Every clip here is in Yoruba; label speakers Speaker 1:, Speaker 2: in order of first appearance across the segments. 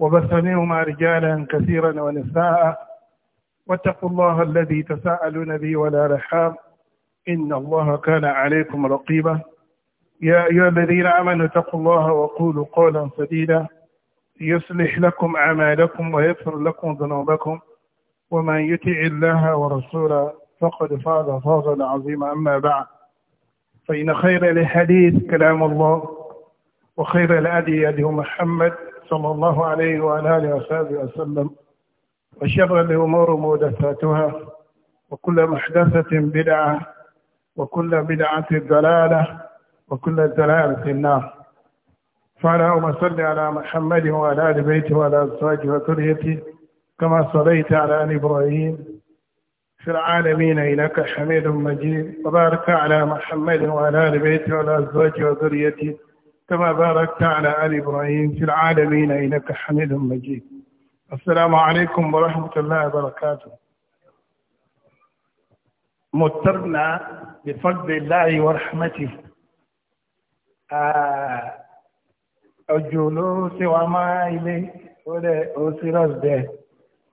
Speaker 1: وبث منهما رجالا كثيرا ونساء واتقوا الله الذي تساءلون به ولا رحام إن الله كان عليكم رقيبا يا أيها الذين آمنوا اتقوا الله وقولوا قولا سديدا يصلح لكم أعمالكم ويغفر لكم ذنوبكم ومن يطع الله ورسوله فقد فاز فوزا عظيما أما بعد فإن خير الحديث كلام الله وخير الأدي يد محمد صلى الله عليه وعلى آله وصحبه وسلم وشر الأمور محدثاتها وكل محدثة بدعة وكل بدعة ضلالة وكل ضلالة في النار فاللهم صل على محمد وعلى آل بيته وعلى أزواجه وذريته كما صليت على آل إبراهيم في العالمين إنك حميد مجيد وبارك على محمد وعلى آل بيته وعلى أزواجه وذريته كما باركت على آل إبراهيم في العالمين إنك حميد مجيد السلام عليكم ورحمة الله وبركاته مترنا بفضل الله ورحمته الجلوس وما إليه وسيرس ده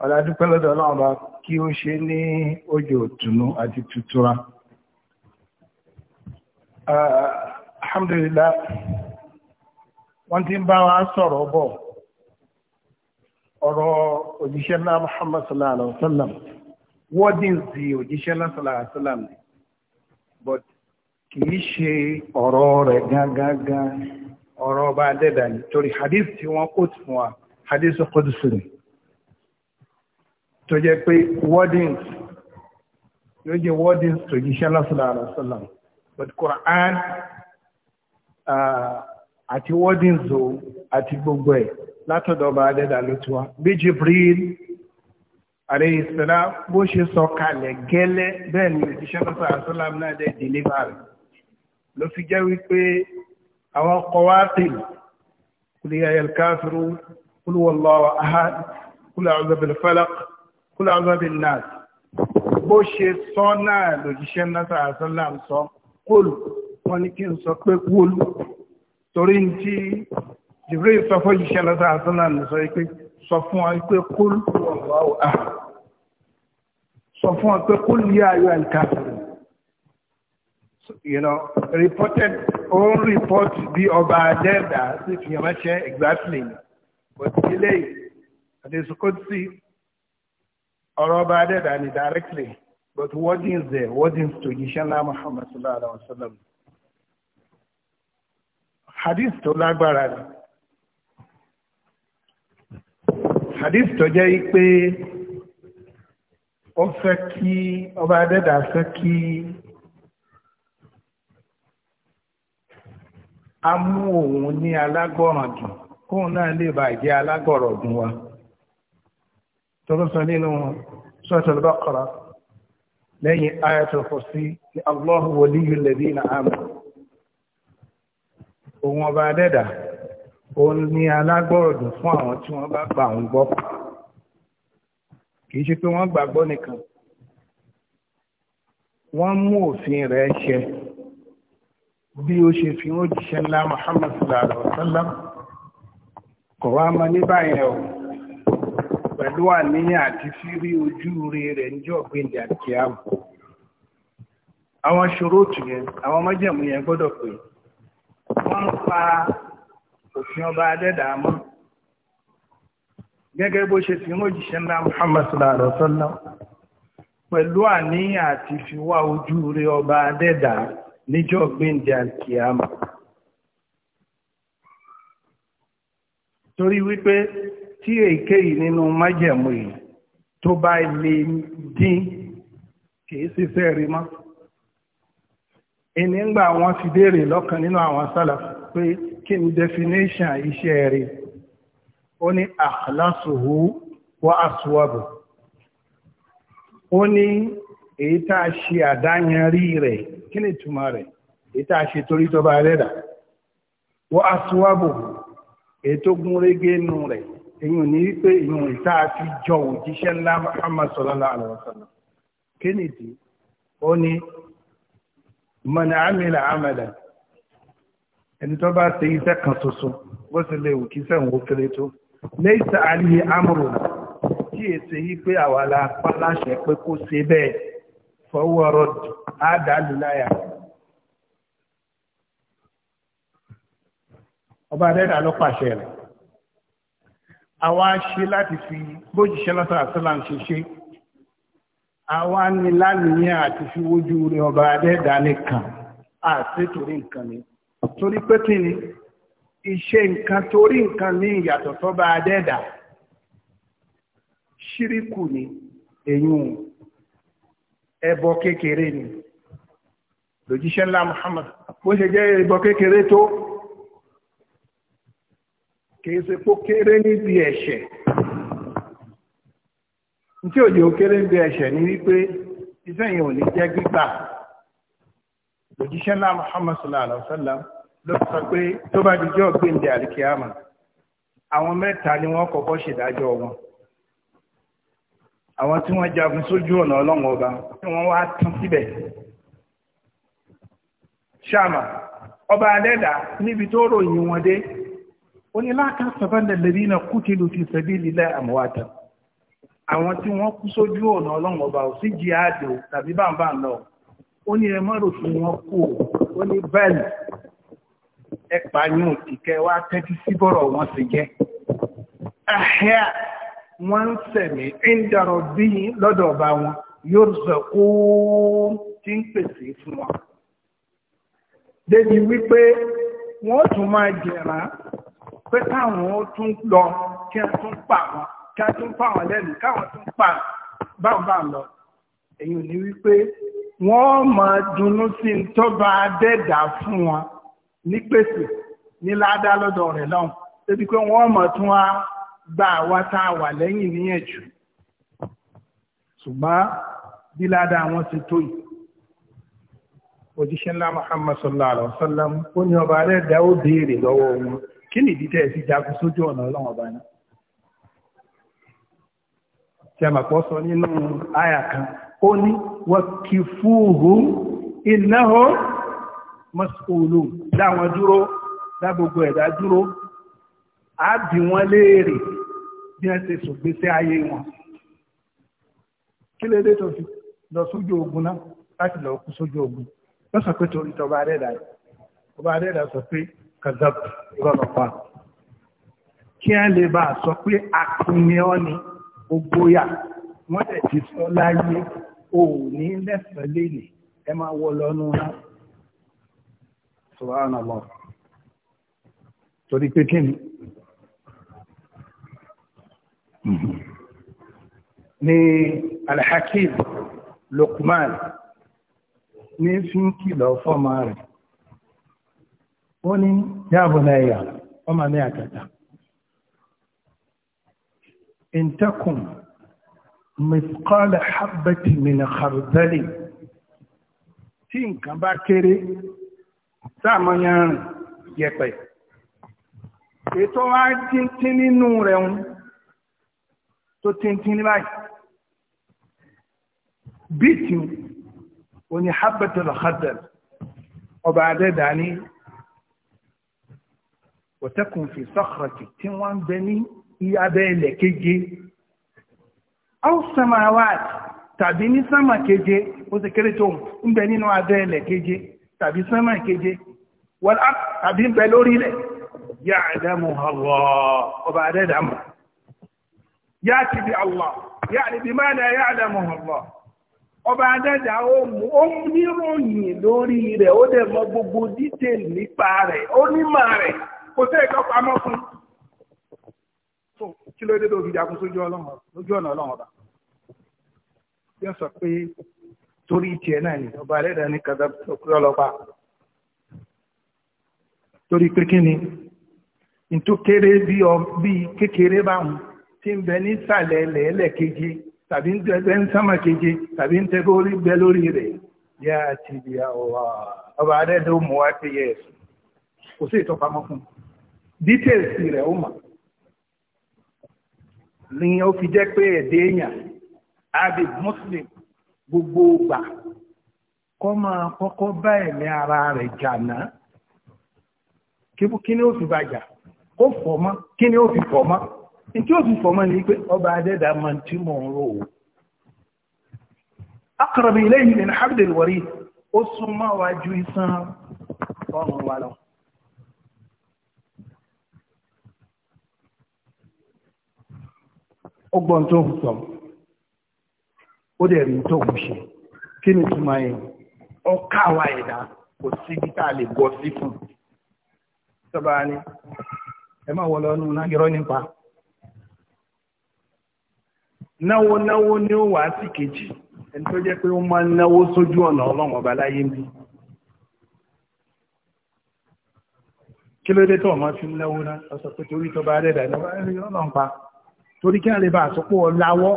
Speaker 1: ولا دكتور دولار kí ó ṣe ní ọjọ́ òtùnú àti tutura. Alhamdulillah wọ́n ti ń bá wa sọ̀rọ̀ bọ̀ ọ̀rọ̀ òjíṣẹ́ ńlá muhammad sallallahu alaihi wa sallam wọ́dìnsì òjíṣẹ́ ńlá sallallahu alaihi wa sallam ni but kì í ṣe ọ̀rọ̀ rẹ̀ gángan ọ̀rọ̀ ọba adẹ́dà ni torí hadith tí wọ́n kó tì fún wa hadith qudsi ni tó jẹ́ pé wọ́dìns yóò jẹ́ wọ́dìns òjíṣẹ́ ńlá sallallahu alaihi wa sallam but quran. Uh, àti wọ́dìn zo àti gbogbo ẹ̀ látọ̀dọ̀ba adẹ́dà ló ti wá bí Jibril alayhi salam bó ṣe sọ kalẹ̀ gẹ́lẹ́ bẹ́ẹ̀ ni òṣìṣẹ́ náà sàásọ́làm náà dẹ̀ dìlíbà rẹ̀ ló fi jẹ́ wípé àwọn qawatil kul ya ayyuhal kafirun kul huwallahu ahad kul a'udhu bil falaq kul a'udhu bin nas bó ṣe sọ náà lòjíṣẹ́ náà sàásọ́làm sọ kólù wọ́n ní kí n sọ pé kólù torí tí jibril sọ fún yìí ṣẹlẹ̀ sáà sọ náà sọ pé sọ fún ọ pé kúl wallahu ahad sọ fún ọ pé kúl yá ayọ àlùkàfẹ you know reported all report bí ọba adẹ́ẹ̀dá sí fi ránṣẹ́ exactly but ilé àdìsíkòtì ọ̀rọ̀ ọba adẹ́ẹ̀dá ni directly but wordings there wordings to yìí ṣẹlẹ̀ muhammadu sallallahu alaihi wa sallam. hadith tó lágbára ni hadith tó jẹ́ pé ó fẹ́ kí ọba adẹ́dà fẹ́ kí a mú òun ní alágbọ̀ràn jù kóun náà lè bàa alágbọ̀rọ̀ wa tọ́lọ́sọ nínú suratul lẹ́yìn òun ọba adẹ́dà òun ni alágbọ́rọ̀dùn fún àwọn tí wọ́n bá gbà òun gbọ́ kì ṣe pé wọ́n gbàgbọ́ nìkan wọ́n mú òfin rẹ̀ ṣe bí ó ṣe fi ó jíṣẹ́ ńlá Muhammad sallallahu alaihi wá mọ ní o pẹ̀lú àníyàn àti fírí ojú rẹ̀ àwọn ṣòro tù yẹn àwọn yẹn gbọ́dọ̀ wọ́n ń pa òfin ọba adẹ́dàá mọ́ gẹ́gẹ́ bó ṣe fi ń òjìṣẹ́ ńlá Muhammad sallallahu alaihi wa sallam pẹ̀lú àníyàn àti fiwá ojú rẹ ọba adẹ́dàá níjọ́ gbẹ̀ǹdẹ̀ alkiyama torí wípé tí èyíkéyìí nínú májẹ̀mú yìí tó bá lè dín kìí ṣiṣẹ́ rí mọ́ ìní ń gbà wọ́n ti béèrè lọ́kàn nínú àwọn salaf pé kí ni definition iṣẹ́ rẹ̀ ó ní akhlasuhu wa aswabu ó ní èyí tá a ṣe àdáyanrí rẹ̀ kí ni ìtumọ̀ rẹ̀ èyí tá ṣe torí tọba rẹ̀dà wa aswabu èyí tó gún régé nù rẹ̀ èyí ní wípé ìyún ìta àti jọ òjíṣẹ́ ńlá Muhammad sallallahu alaihi wasallam kí ni ìdí ó ní man amila amalan ẹni tó bá ṣe iṣẹ́ kan ṣoṣo bó ṣe lè wù kí sẹ́wọ̀n ó kéré tó laysa alayhi amruna tí èsè yí pé àwa la pa láṣẹ pé kó ṣe bẹ́ẹ̀ fọwọ́ rọ́dù àdàlùláyà ọba adẹ́dà ló pàṣẹ rẹ̀ àwa ṣe láti fi bójìṣẹ́ lọ́sàrásílà ń ṣe ṣe àwa ni lánìyàn àti fi wójú rẹ ọba adẹ́dà nìkan àti nǹkan ni torí pé kí ni ìṣe nǹkan torí nǹkan ní ìyàtọ̀ tọ́ba adẹ́dà ṣíríkù ni èyún ẹbọ kékeré ni lòjíṣẹ́ ńlá Muhammad bó ṣe jẹ́ ẹbọ kékeré tó kìí ṣe kó kéré níbi ẹ̀ṣẹ̀ nke o ji ń bẹ ẹ̀ṣẹ̀ ní wípé iṣẹ́ yẹn ike lè jẹ́ gbígbà Muhammad sallallahu alaihi wa sallam ló sọ pé ndị bá di àwọn ni wọn àwọn tí wọ́n jagun sójú ọba tí wọn wá tán síbẹ̀ ṣáàmà ọba adẹ́dà níbi tó ròyìn wọn dé ó ní lẹ́bí náà àwọn tí wọ́n kú sójú ọ̀nà ọlọ́run ọba ò sí jihad o tàbí bàbá lọ ó ní ẹ mọ́rò fún wọn kú ó ní bẹ́ẹ̀lì ẹ pààyàn òtìkẹ́ wá tẹ́tí sí bọ́rọ̀ wọn sì jẹ́ ahia wọ́n ń sẹ̀mí ìdàrọ̀ bí lọ́dọ̀ ọba wọn yóò sọ kó tí ń pèsè fún wọn débi wípé wọ́n tún máa jẹ̀rán pé káwọn ó tún lọ kí wọ́n tún pa wọn kí a tún fáwọn lẹ́nu káwọn tún pa báwọn bá lọ èyí ò ní wípé wọ́n máa dunnú sí i tó bá dẹ́dà fún wọn ní pèsè ní ládá lọ́dọ̀ rẹ̀ lọ́hùn débi pé wọ́n máa tún wá gba àwa tá a wà lẹ́yìn níyànjú ṣùgbọ́n bí ládá wọn ti tó yìí òjíṣẹ́ ńlá Muhammad sallallahu alaihi wasallam ó ní ọba rẹ̀ dá ó béèrè lọ́wọ́ wọn kí nìdí tẹ̀ sí jagun sójú ọ̀nà ọlọ́wọ́n ọba náà tí a màpọ̀ sọ nínú àyà kan ó ní waqifuhum innahum mas'ulun dáwọn dúró dá gbogbo ẹ̀dá dúró á bi wọ́n léèrè bí wọ́n ṣe sògbésẹ́ ayé wọn kí lè dé tó fi lọ sójú ogun náà láti lọ kú sójú ogun wọ́n sọ pé torí tọba adẹ́dà ọba adẹ́dà sọ pé kazab ìrọ̀lọ́pàá kí á lè bá a sọ pé akúnyẹ́ ọ́ ni. o bóyá wọ́n ti sọ láyé o ò ní lẹ́sàn-án lénìí ẹ máa wọ lọ́nu náà subhanallah torí pé kí ni ni alhakim Luqman ní fi ń kìlọ̀ fọ́mọ rẹ̀ ó ní yáàbùnà ẹ̀yà ọmọ ní àkàtà إن تكن مثقال حبة من خردل tí nǹkan bá kéré sáàmọ́ yẹn rìn yẹpẹ̀ ètò wa tíntín nínú rẹ̀ ń tó tíntín ní báyìí bíìtì ò ní habbatul khardal ọba adẹ́dà ní wọ́tẹ́kùn fi sakhratin tí wọ́n ń bẹ ní abẹ́ ilẹ̀ keje alsamawat tàbí ní sama keje ó kéré tó ń bẹ nínú keje tàbí tàbí ń bẹ lórí ọba Allah ọba ó lórí rẹ̀ ó dẹ̀ mọ gbogbo nípa rẹ̀ ó rẹ̀ kò sí ẹ̀kọ́ pamọ́ fún un kí ló dé tó fi jagun sójú ọ̀nà ọlọ́run ọba yóò sọ pé torí tiẹ̀ náà ni ọba alẹ́dà ní kàdà ọkùnrin ọlọ́pàá torí pé kí ni ntòkèrè bí kékeré báwọn tí ń bẹ ní sàlẹ̀ lẹ́ẹ̀lẹ̀ keje tàbí ń tẹ́ ń sámà keje tàbí ń tẹ́ bórí bẹ lórí rẹ̀ yá àti ibi àwọ̀ ọba alẹ́dà ó mú wá pé yẹ kò sí ìtọ́pamọ́ fún un details rẹ̀ ó mọ̀. ni ó fi jẹ́ pé ẹ̀dẹ́ muslim gbogbo gbà kọ́ máa kọ́kọ́ bá ẹ̀mí ara rẹ̀ jà kí ni ó fi kó kí ni ó fi tí ó fi ni pé ọba adẹ́dàá máa ń tí mò ń rò ó. aqrab ilayhi min hablil warid ó súnmọ́ wájú ó gbọ́n tó ń sọ ó dẹ̀ rí tó ń ṣe kí ni túmọ̀ yẹn ó káwa ẹ̀dá kò síbi tá a lè gbọ́ sí fún tọ́ba ni ẹ má wọ lọ́nu náà irọ́ nípa náwó náwó ni ó wà á sì kejì ẹni tó jẹ́ pé ó máa ń náwó sójú ọ̀nà ọlọ́run ọba láyé ń bí. kí ló dé tó ọmọ fi ń náwó náà sọ pé torí tó bá dẹ̀ dà ní ọlọ́run pa torí kí wọ́n lè bá àsopọ̀ láwọ́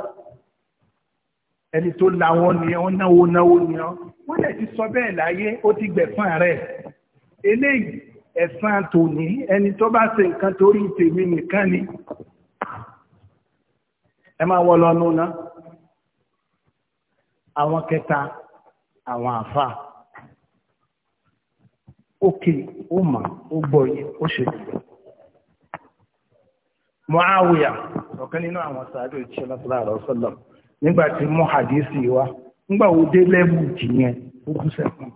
Speaker 1: ẹni tó láwọ́ ni ọ́ náwó náwó ni ọ́ wọ́n lè ti sọ bẹ́ẹ̀ láyé ó ti gbẹ̀fán rẹ̀ eléyìí ẹ̀san tòní ẹni tó bá ṣe nǹkan torí tèmi nìkan ni ẹ máa wọ lọ́nu ná àwọn kẹta àwọn àfa òkè ó mà ó gbọ́ yìí ó ṣe tìlẹ̀. Muawiya ọ̀kan nínú àwọn sàádé òjíṣẹ́ lọ́sọ̀lá àrọ̀ sọ́lọ̀ nígbà tí mú hadisi wa nígbà wo dé lẹ́bù jì yẹn ó bú sẹ́kún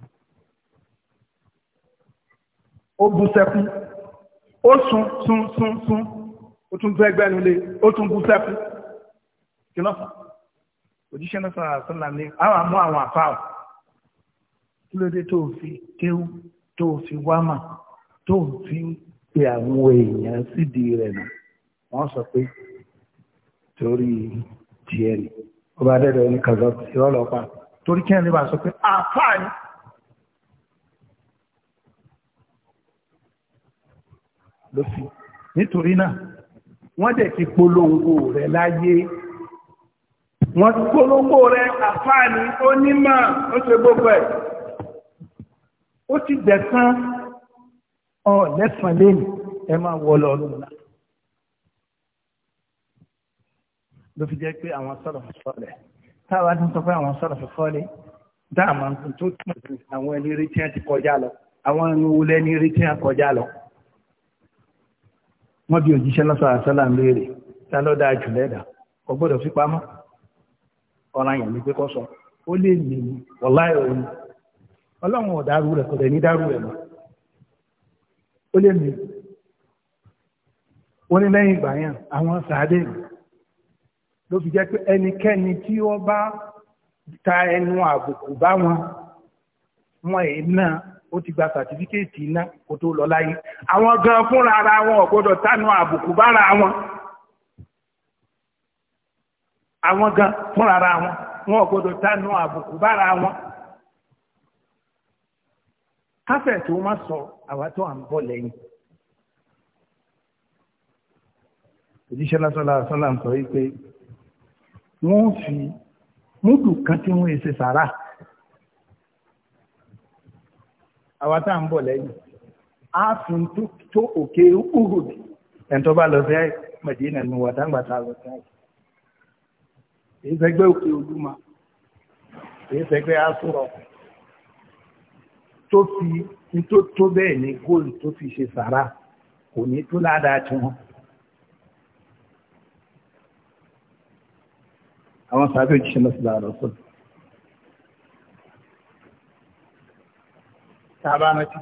Speaker 1: ó bú sẹ́kún ó sun sun sun sun ó tún fẹ́ gbẹ́nu lé ó tún bú sẹ́kún kí ló fà òjíṣẹ́ lọ́sọ̀lá àrọ̀ sọ́lọ̀ ní àwọn àmú àwọn àfáà kí ló dé tó fi kéwú tó fi wámà tó fi pe àwọn èèyàn sídìí rẹ̀ náà wọ́n sọ pé torí tiẹ̀ ni ọba adẹ́dọ̀ ní kàzọ́ ìrọ̀lọ́ pa torí kí ẹni bá sọ pé àfáàní. ló fi nítorí náà wọ́n dẹ̀ ti polongo rẹ̀ láyé wọ́n ti polongo rẹ̀ àfáàní onímọ̀ ó ṣe gbogbo ẹ̀ ó ti gbẹ̀sán ọ̀ lẹ́sàn-án lẹ́nu ẹ máa wọ lọ náà. ló fi jẹ́ pé àwọn salafu salih táwa ti ń sọ pé àwọn salafu salih dáàmà tó túmọ̀ sí àwọn ẹni rí tí wọ́n ti kọjá lọ àwọn ẹni wo lẹ́ni rí tí wọ́n kọjá lọ. wọ́n bí òjíṣẹ́ lọ́sọ̀ àṣálà ń léèrè tá ló dáa jù lẹ́dà kò gbọ́dọ̀ fi pamọ́ ọ̀ràn yẹn ni pé kọ́ sọ ó lè lè wọ̀láyọ̀ òun ọlọ́run ọ̀dàrú rẹ̀ kò dẹ̀ ní dàrú rẹ̀ mọ́ ó lè mi ó ní lẹ́yìn ìgbà yẹn àwọn sàádé mi ló fi jẹ́ pé ẹnikẹ́ni tí ó bá ta ẹnu àbùkù bá wọn wọn èyí náà ó ti gba sàtífíkẹ́ẹ̀tì iná kó tó lọ láyé àwọn gan fúnra ara wọn ò gbọdọ̀ tánu àbùkù bára wọn àwọn gan fúnra ara wọn wọn ò tánu àbùkù bára wọn káfẹ́ tó má sọ àwa tó à ń bọ̀ lẹ́yìn. òjíṣẹ́ lásán làásán là ń sọ yìí pé wọ́n fi múdù kan tí wọ́n ṣe sàrà àwa tá à ń bọ̀ lẹ́yìn á fún tó òkè Uhud ẹ̀ tó bá lọ sí Mẹ̀dínà ní wàdàgbà tá a lọ sí èyí sẹ́gbẹ́ òkè Olúmọ èyí sẹ́gbẹ́ asúrọ̀ tó fi tó tó bẹ́ẹ̀ ni góòlù tó fi ṣe sàrà kò ní tó ládàá tí wọ́n. àwọn sàábẹ̀ òjíṣẹ́ lọ́sílà àrọ́sọ́ tàbá rántí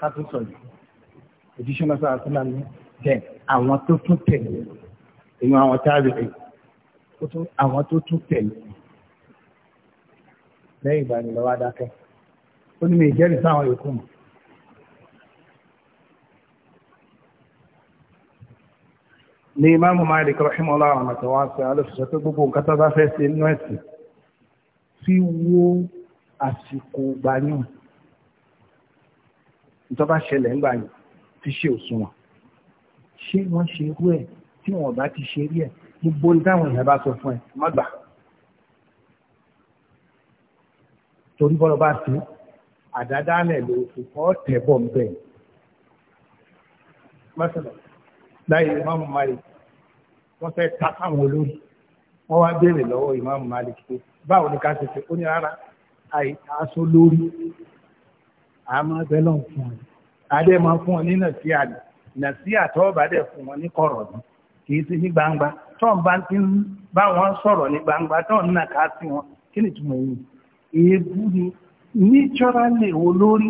Speaker 1: kátó sọ̀rọ̀ òjíṣẹ́ lọ́sílà àrọ́sọ́là ní jẹ́ àwọn tó tún tẹ̀lé èyí àwọn táàbì rẹ̀ àwọn tó tún tẹ̀lé lẹ́yìn ìgbà ni lọ́wọ́ adákẹ́ ó ní mi ìjẹ́rìí sáwọn yòókù mọ́ ní imáàmù Malik rahimahullah àwọn àtàwáṣẹ́ alẹ́fẹ̀ṣẹ́ pé gbogbo nǹkan tó bá fẹ́ ṣe inú ẹ̀sìn fi wo àsìkò gbàyàn tó bá ṣẹlẹ̀ ńgbà yìí fi ṣe òṣùwọ̀n ṣé wọ́n ṣe irú ẹ̀ tí wọ́n bá ti ṣe rí ẹ̀ gbogbo ní táwọn èèyàn bá sọ fún ẹ má gbà torí bọ́lá bá ti àdádálẹ̀ lòfin kọ́ tẹ̀ bọ̀ ń bẹ̀ láyé ìmáàmù Malik wọ́n fẹ́ ta fáwọn olórí wọ́n wá béèrè lọ́wọ́ ìmáàmù Malik pé báwo ni ká ṣe ṣe ó ní rárá àìsàn lórí àmọ́ ẹgbẹ́ náà fún ọ adé máa fún ọ ní nàìjíríà nàìjíríà tó ọba dẹ̀ fún ọ ní kọ̀rọ̀ ní kì í ṣe ní gbangba tó ń bá ti ń bá wọn sọ̀rọ̀ ní gbangba tó ń nà ká sí wọn kí ni túmọ̀ yìí èébú ni nítorálè olórí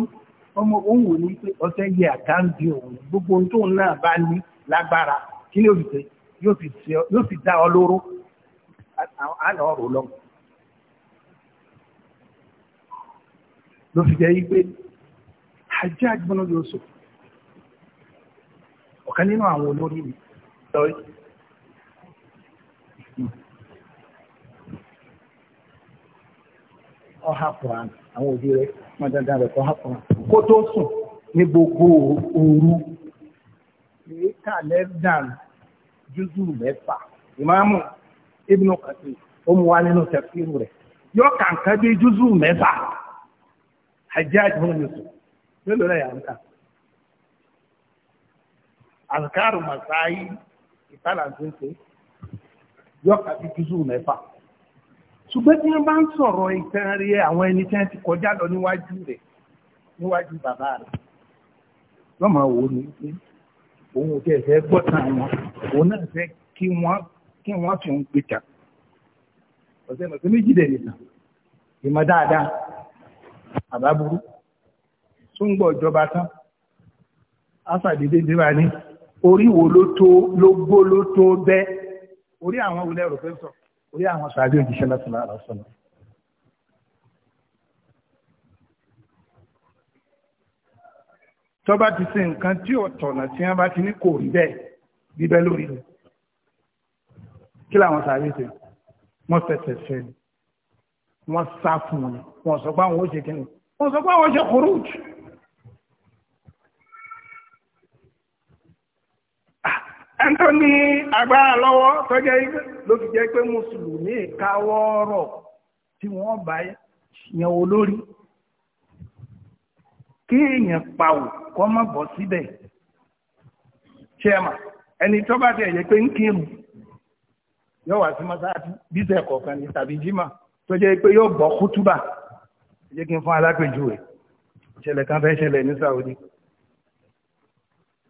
Speaker 1: ọmọ òun wò ní pé ọ̀sẹ̀ yẹ àkáǹtì òun gbogbo ohun tóun náà bá ní lágbára kí ni olùsè yóò sì dá ọ lóró àná ọ̀rọ̀ lọ́wọ́. ló fi jẹ́ igbe Hajjaj bin Yusuf ọ̀kan nínú àwọn olórí mi lọ́rí ọha Quran àwọn òbí rẹ̀ wọ́n dandan rẹ̀ kọ́ ha Quran kó tó sùn ní gbogbo òru pé kàlẹ́dàn júzù mẹ́fà ìmáàmù ibnu kàtí ó mú wa nínú tẹ̀síìrù rẹ̀ yọ kàǹkà bíi júzù mẹ́fà hajjaj bin yusuf mélòó rẹ̀ yàrá kan azkaru masai ìtàlà ń ṣe yọ kàbí júzù mẹ́fà ṣùgbọ́n tí wọ́n bá ń sọ̀rọ̀ ìtàn rí àwọn ẹni tí wọ́n ti kọjá lọ níwájú rẹ̀ níwájú bàbá rẹ̀ lọ́mọ wo ni òun ò tẹ̀ fẹ́ gbọ́tàn wọn òun náà fẹ́ kí wọ́n kí wọ́n fi ń pè tà ọ̀sẹ̀ mọ̀ pé méjì dẹ̀ nìkan ìmọ̀ dáadáa àbá burú tó ń gbọ́ ìjọba tán ásàdédé débà ní orí wo ló tó ló gbó ló tó bẹ́ orí àwọn wulẹ̀ rò pé sọ orí àwọn sàbí òjíṣẹ́ lọ́sọ̀lá àlọ́sọ̀lá tó bá ti ṣe nǹkan tí ò tọ̀nà tí wọ́n bá ti ní kò rí bẹ́ẹ̀ bíbẹ́ lórí rẹ̀ kí làwọn sáré ṣe wọ́n fẹsẹ̀ fẹ́ ni wọ́n sá fún un wọ́n sọ pé àwọn ó ṣe kíni wọ́n sọ pé àwọn ó ṣe khuruj. ẹni ní agbára lọ́wọ́ tó jẹ́ ló fi jẹ́ pé mùsùlùmí káwọ́ ọ̀rọ̀ tí wọ́n bá yẹn olórí kéèyàn pawò kọ́ má bọ̀ síbẹ̀ chairman ẹni tó bá tẹ̀ yẹ pé ń kírun yóò wá sí mọ́sáàtì bísẹ̀ kọ̀ọ̀kan ní tàbí jimá tó jẹ́ pé yóò bọ̀ kútúbà jẹ́ kí n fún alápèjú rẹ̀ ìṣẹ̀lẹ̀ kan fẹ́ ṣẹlẹ̀ ní Saudi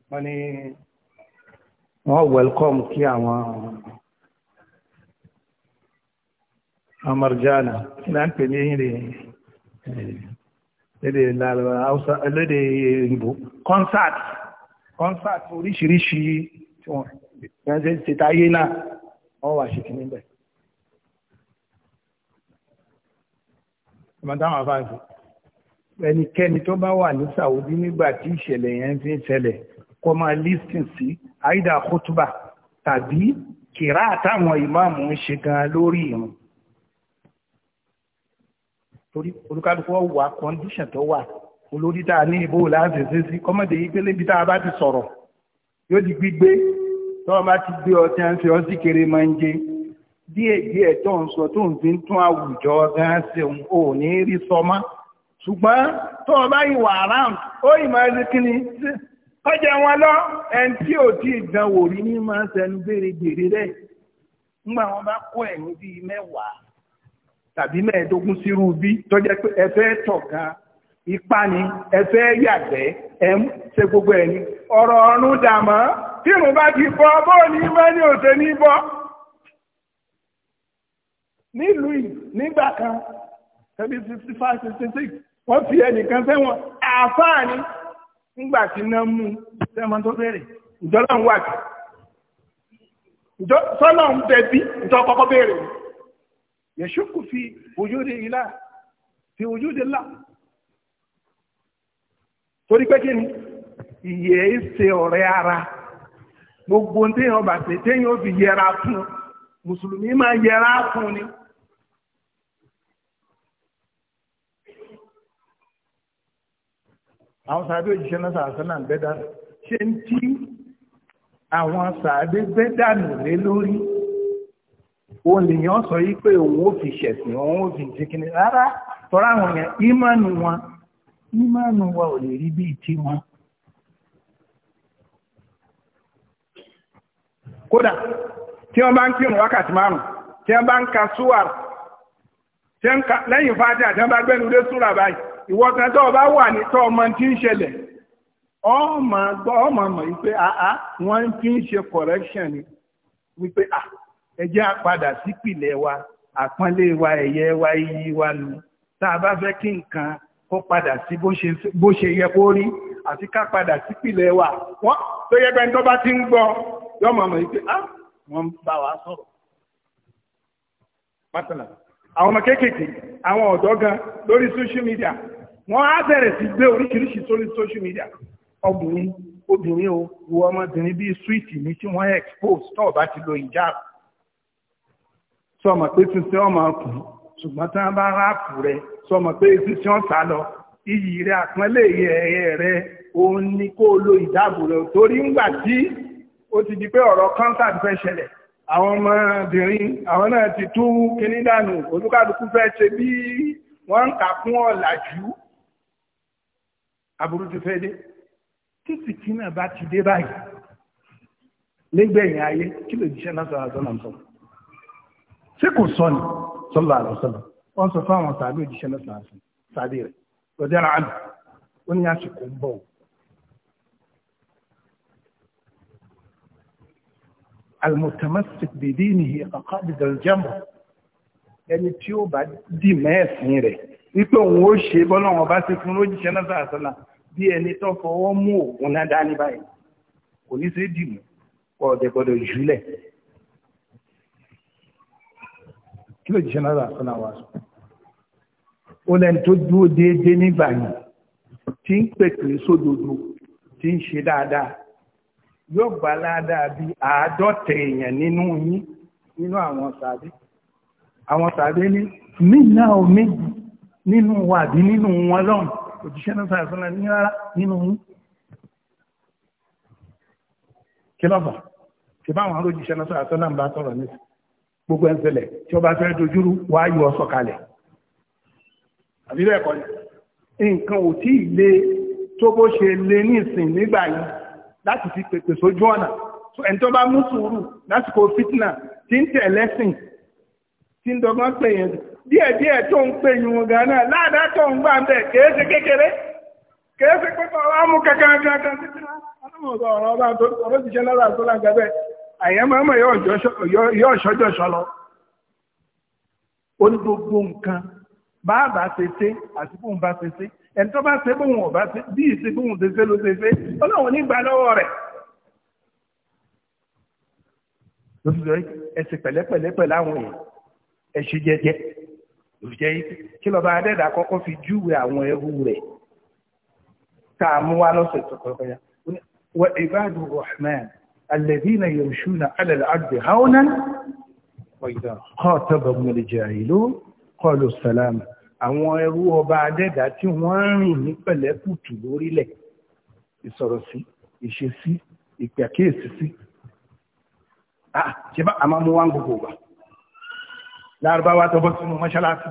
Speaker 1: wọ́n ní wọ́n wẹ̀lkọ́m kí àwọn amarjana kí náà ń pè ní ẹ̀yìn rẹ̀ lédè Hausa lédè ìbò concert concert oríṣiríṣi tí wọ́n ṣe ṣe táyé náà wọ́n wà ṣe kìíní bẹ̀. ọmọ táwọn afáàfin ẹnikẹ́ni tó bá wà ní Saudi nígbà tí ìṣẹ̀lẹ̀ yẹn ti ń ṣẹlẹ̀ kó máa lísìn sí àìdá kútùbà tàbí kìrá àtàwọn ìmáàmù ń ṣe gan lórí ìrun torí olúkálùkù wà kọ́ndíṣàn tó wà olórí tá a ní ìbò láti ṣe sí kọ́mọ̀dé yìí pé tá a bá ti sọ̀rọ̀ yóò di gbígbé tó wọn bá ti gbé ọtí àǹfẹ ọtí kéré máa ń jẹ díẹ̀ díẹ̀ tó ń sọ tó ń fi ń tún àwùjọ gan ṣeun ò ní rí sọmọ ṣùgbọ́n tó o bá yìí wà around ó yìí máa rí kíni kọjá wọn lọ ẹni tí ò tí ì dánwò rí ní máa ń béèrè gbèrè rẹ nígbà wọn bá kó ẹ̀yìn bíi mẹ́wàá tàbí mẹ́ẹ̀ẹ́dógún sírú bí tó jẹ́ pé ẹ fẹ́ tọ̀ga ipá ni ẹ fẹ́ yàgbẹ́ ẹ ń ṣe gbogbo ẹ̀ ni ọ̀rọ̀ ọ̀run dàmọ́ tí mo bá ti bọ́ bóò ní bọ́ ní òṣè ní bọ́ nílùú yìí nígbà kan tẹ́bí sixty five sixty six wọ́n fi ẹnìkan sẹ́wọ̀n àáfàá ni nígbà tí iná mú sẹ́wọ̀n tó bẹ̀rẹ̀ ìjọ́lọ́run wà kí sọ́lọ́run bẹ̀bí ìjọ́ kọ́kọ́ bẹ̀rẹ̀ يشك في وجود إله في وجود الله torí pé kí ni ìyẹ́ ṣe ọ̀rẹ́ ara gbogbo téèyàn bá ṣe téèyàn fi yẹra fún mùsùlùmí máa yẹra fún ni àwọn sàádé òjíṣẹ́ náà sàásán náà gbẹ́dà ṣe ń tí àwọn sàádé gbẹ́dà nù lé lórí òun lèyàn sọ yí pé òun ó fi ṣẹ̀sìn òun ó fi ṣèkìnnì rárá tọ́ra àwọn yẹn ìmánu wọn ìmánu wa ò lè rí bíi tí wọn. kódà tí wọ́n bá ń kírun wákàtí márùn-ún tí wọ́n bá ń ka súwàr tí wọ́n ka lẹ́yìn fàájà tí wọ́n bá gbẹ́nu lé súrà báyìí ìwọ́tàn tó o bá wà ní tó ọmọ tí ń ṣẹlẹ̀ ọmọ gbọ́ ọmọ mọ̀ wípé àá wọ́n fi ń ṣe correction ni wípé àá. Ah, ẹ jẹ́ á padà sípìlẹ̀ wa àpọ́nlé wa ẹ̀yẹ wa iyì wa nù tá a bá fẹ́ kí nǹkan kó padà sí bó ṣe yẹ kó rí àti ká padà sípìlẹ̀ wa wọ́n tó yẹ pé ní tó bá ti ń gbọ́ yọ́ mọ̀ mọ̀ yìí pé ah wọ́n bá wa sọ̀rọ̀ pátánà àwọn ọmọ kéékèèké àwọn ọ̀dọ́ gan lórí social media wọ́n á bẹ̀rẹ̀ sí gbé oríṣiríṣi sórí social media ọkùnrin obìnrin o wo ọmọbìnrin bíi sweet ní tí wọ́n expose tó bá ti lo hijab sọmọ pé sísẹ ọmọ kù ṣùgbọ́n tí wọ́n bá ráàpù rẹ sọmọ pé sísẹ ọ̀sà lọ iyì rẹ àpọ́nlé ẹ̀yẹ rẹ òun ni kó o lo ìdáàbò rẹ torí ńgbà tí ó ti di pé ọ̀rọ̀ kọ́ńtà ti fẹ́ ṣẹlẹ̀ àwọn ọmọbìnrin àwọn náà ti tú kinní dànù olúkàlùkù fẹ́ ṣe bí wọ́n ń kà fún ọ̀làjú aburú ti fẹ́ dé títí kí náà bá ti dé báyìí nígbẹ̀yìn ayé kí ló jíṣẹ́ náà sọ̀rọ̀ àtọ́nà sọ̀rọ̀ ṣé kò sọ ni sọlá àlọsọlá wọn sọ fáwọn sàbí òjíṣẹ́ lọsàásì sàbí rẹ lọdẹ ara àná ó ní àsìkò ń bọ̀ o. almutamasik bidinihi aqabid aljam ẹni tí ó bá dì mẹ́ẹ̀sìn rẹ̀ wípé òun ó ṣe bọ́lọ́wọ́n bá ṣe fún lójíṣẹ́ náà sàásánà bí ẹni tó fọwọ́ mú òògùn náà dání báyìí kò ní ṣe dì mú ọ̀dẹ̀ jùlẹ̀ kí ló jíṣẹ́ náà sọ́nà wa sọ ó lẹ́ni tó dúró déédéé nígbà yìí tí ń pèpè sódodo tí ń ṣe dáadáa yóò gbà ládàá bí àádọ́ta èèyàn nínú yín nínú àwọn sàbí àwọn sàbí ní mí náà ò méjì nínú wa àbí nínú wọn lọ́hùn òjíṣẹ́ náà sọ̀rọ̀ sọ́nà ní rárá nínú yín kí lọ́fà ṣe báwọn arójíṣẹ́ náà sọ̀rọ̀ sọ́nà ń bá sọ̀rọ̀ nísìnyí gbogbo ẹ̀ ń ṣẹlẹ̀ tí ọba fẹ́ dojúrú wàá yọ ọsọ kalẹ̀ àbílẹ̀ ẹ̀kọ́ ni nǹkan ò tí ì le tó bó ṣe le nísìn nígbà yìí láti fi pèpè sójú ọ̀nà ẹni tó bá mú sùúrù lásìkò fitna tí ń tẹ̀lé sìn tí ń dọ́gbọ́n pè yẹn díẹ̀díẹ̀ tó ń pè yùn gánà ládàá tó ń gbà ń bẹ̀ kéése kékeré kéése pé ọmú kankan kankan títí náà ọlọ́mọ ọ̀rọ̀ ọba ọ̀rọ̀ ti ṣe lára àtúnlá gẹ́gẹ́ àyẹ̀ mọ́mọ́ yóò ṣọ́jọ́ ṣọlọ. ó ní gbogbo nǹkan bá a bá ṣe ṣe àti bóun bá ṣe ṣe ẹni tó bá ṣe bóun ọ̀bá ṣe bí ìṣe bóun ṣe ṣe ló ṣe ṣe ọlọ́run nígbà lọ́wọ́ rẹ̀. ló fi sọ ẹsẹ̀ pẹ̀lẹ́pẹ̀lẹ́ pẹ̀lú àwọn èèyàn ẹ̀ṣẹ̀ jẹ́jẹ́ ló fi kí lọ́ba adẹ́dà kọ́kọ́ fi júwe àwọn ẹrú rẹ̀ tá a mú wá lọ́sẹ̀ tó kọ́kọ́ yá wa rahman الذين يمشون على الأرض هونا وإذا خاطبهم الجاهلون قالوا السلام àwọn ẹrú ọba adẹ́dà tí wọ́n ń rìn ní pẹ̀lẹ́kùtù lórílẹ̀ ìsọ̀rọ̀ sí ìṣesí ìpàkíyèsí sí ah, ṣe bá àmọ́ mú wá ń gbogbo wa lárúbáwá tó bọ́ sínú mọ́ṣáláṣí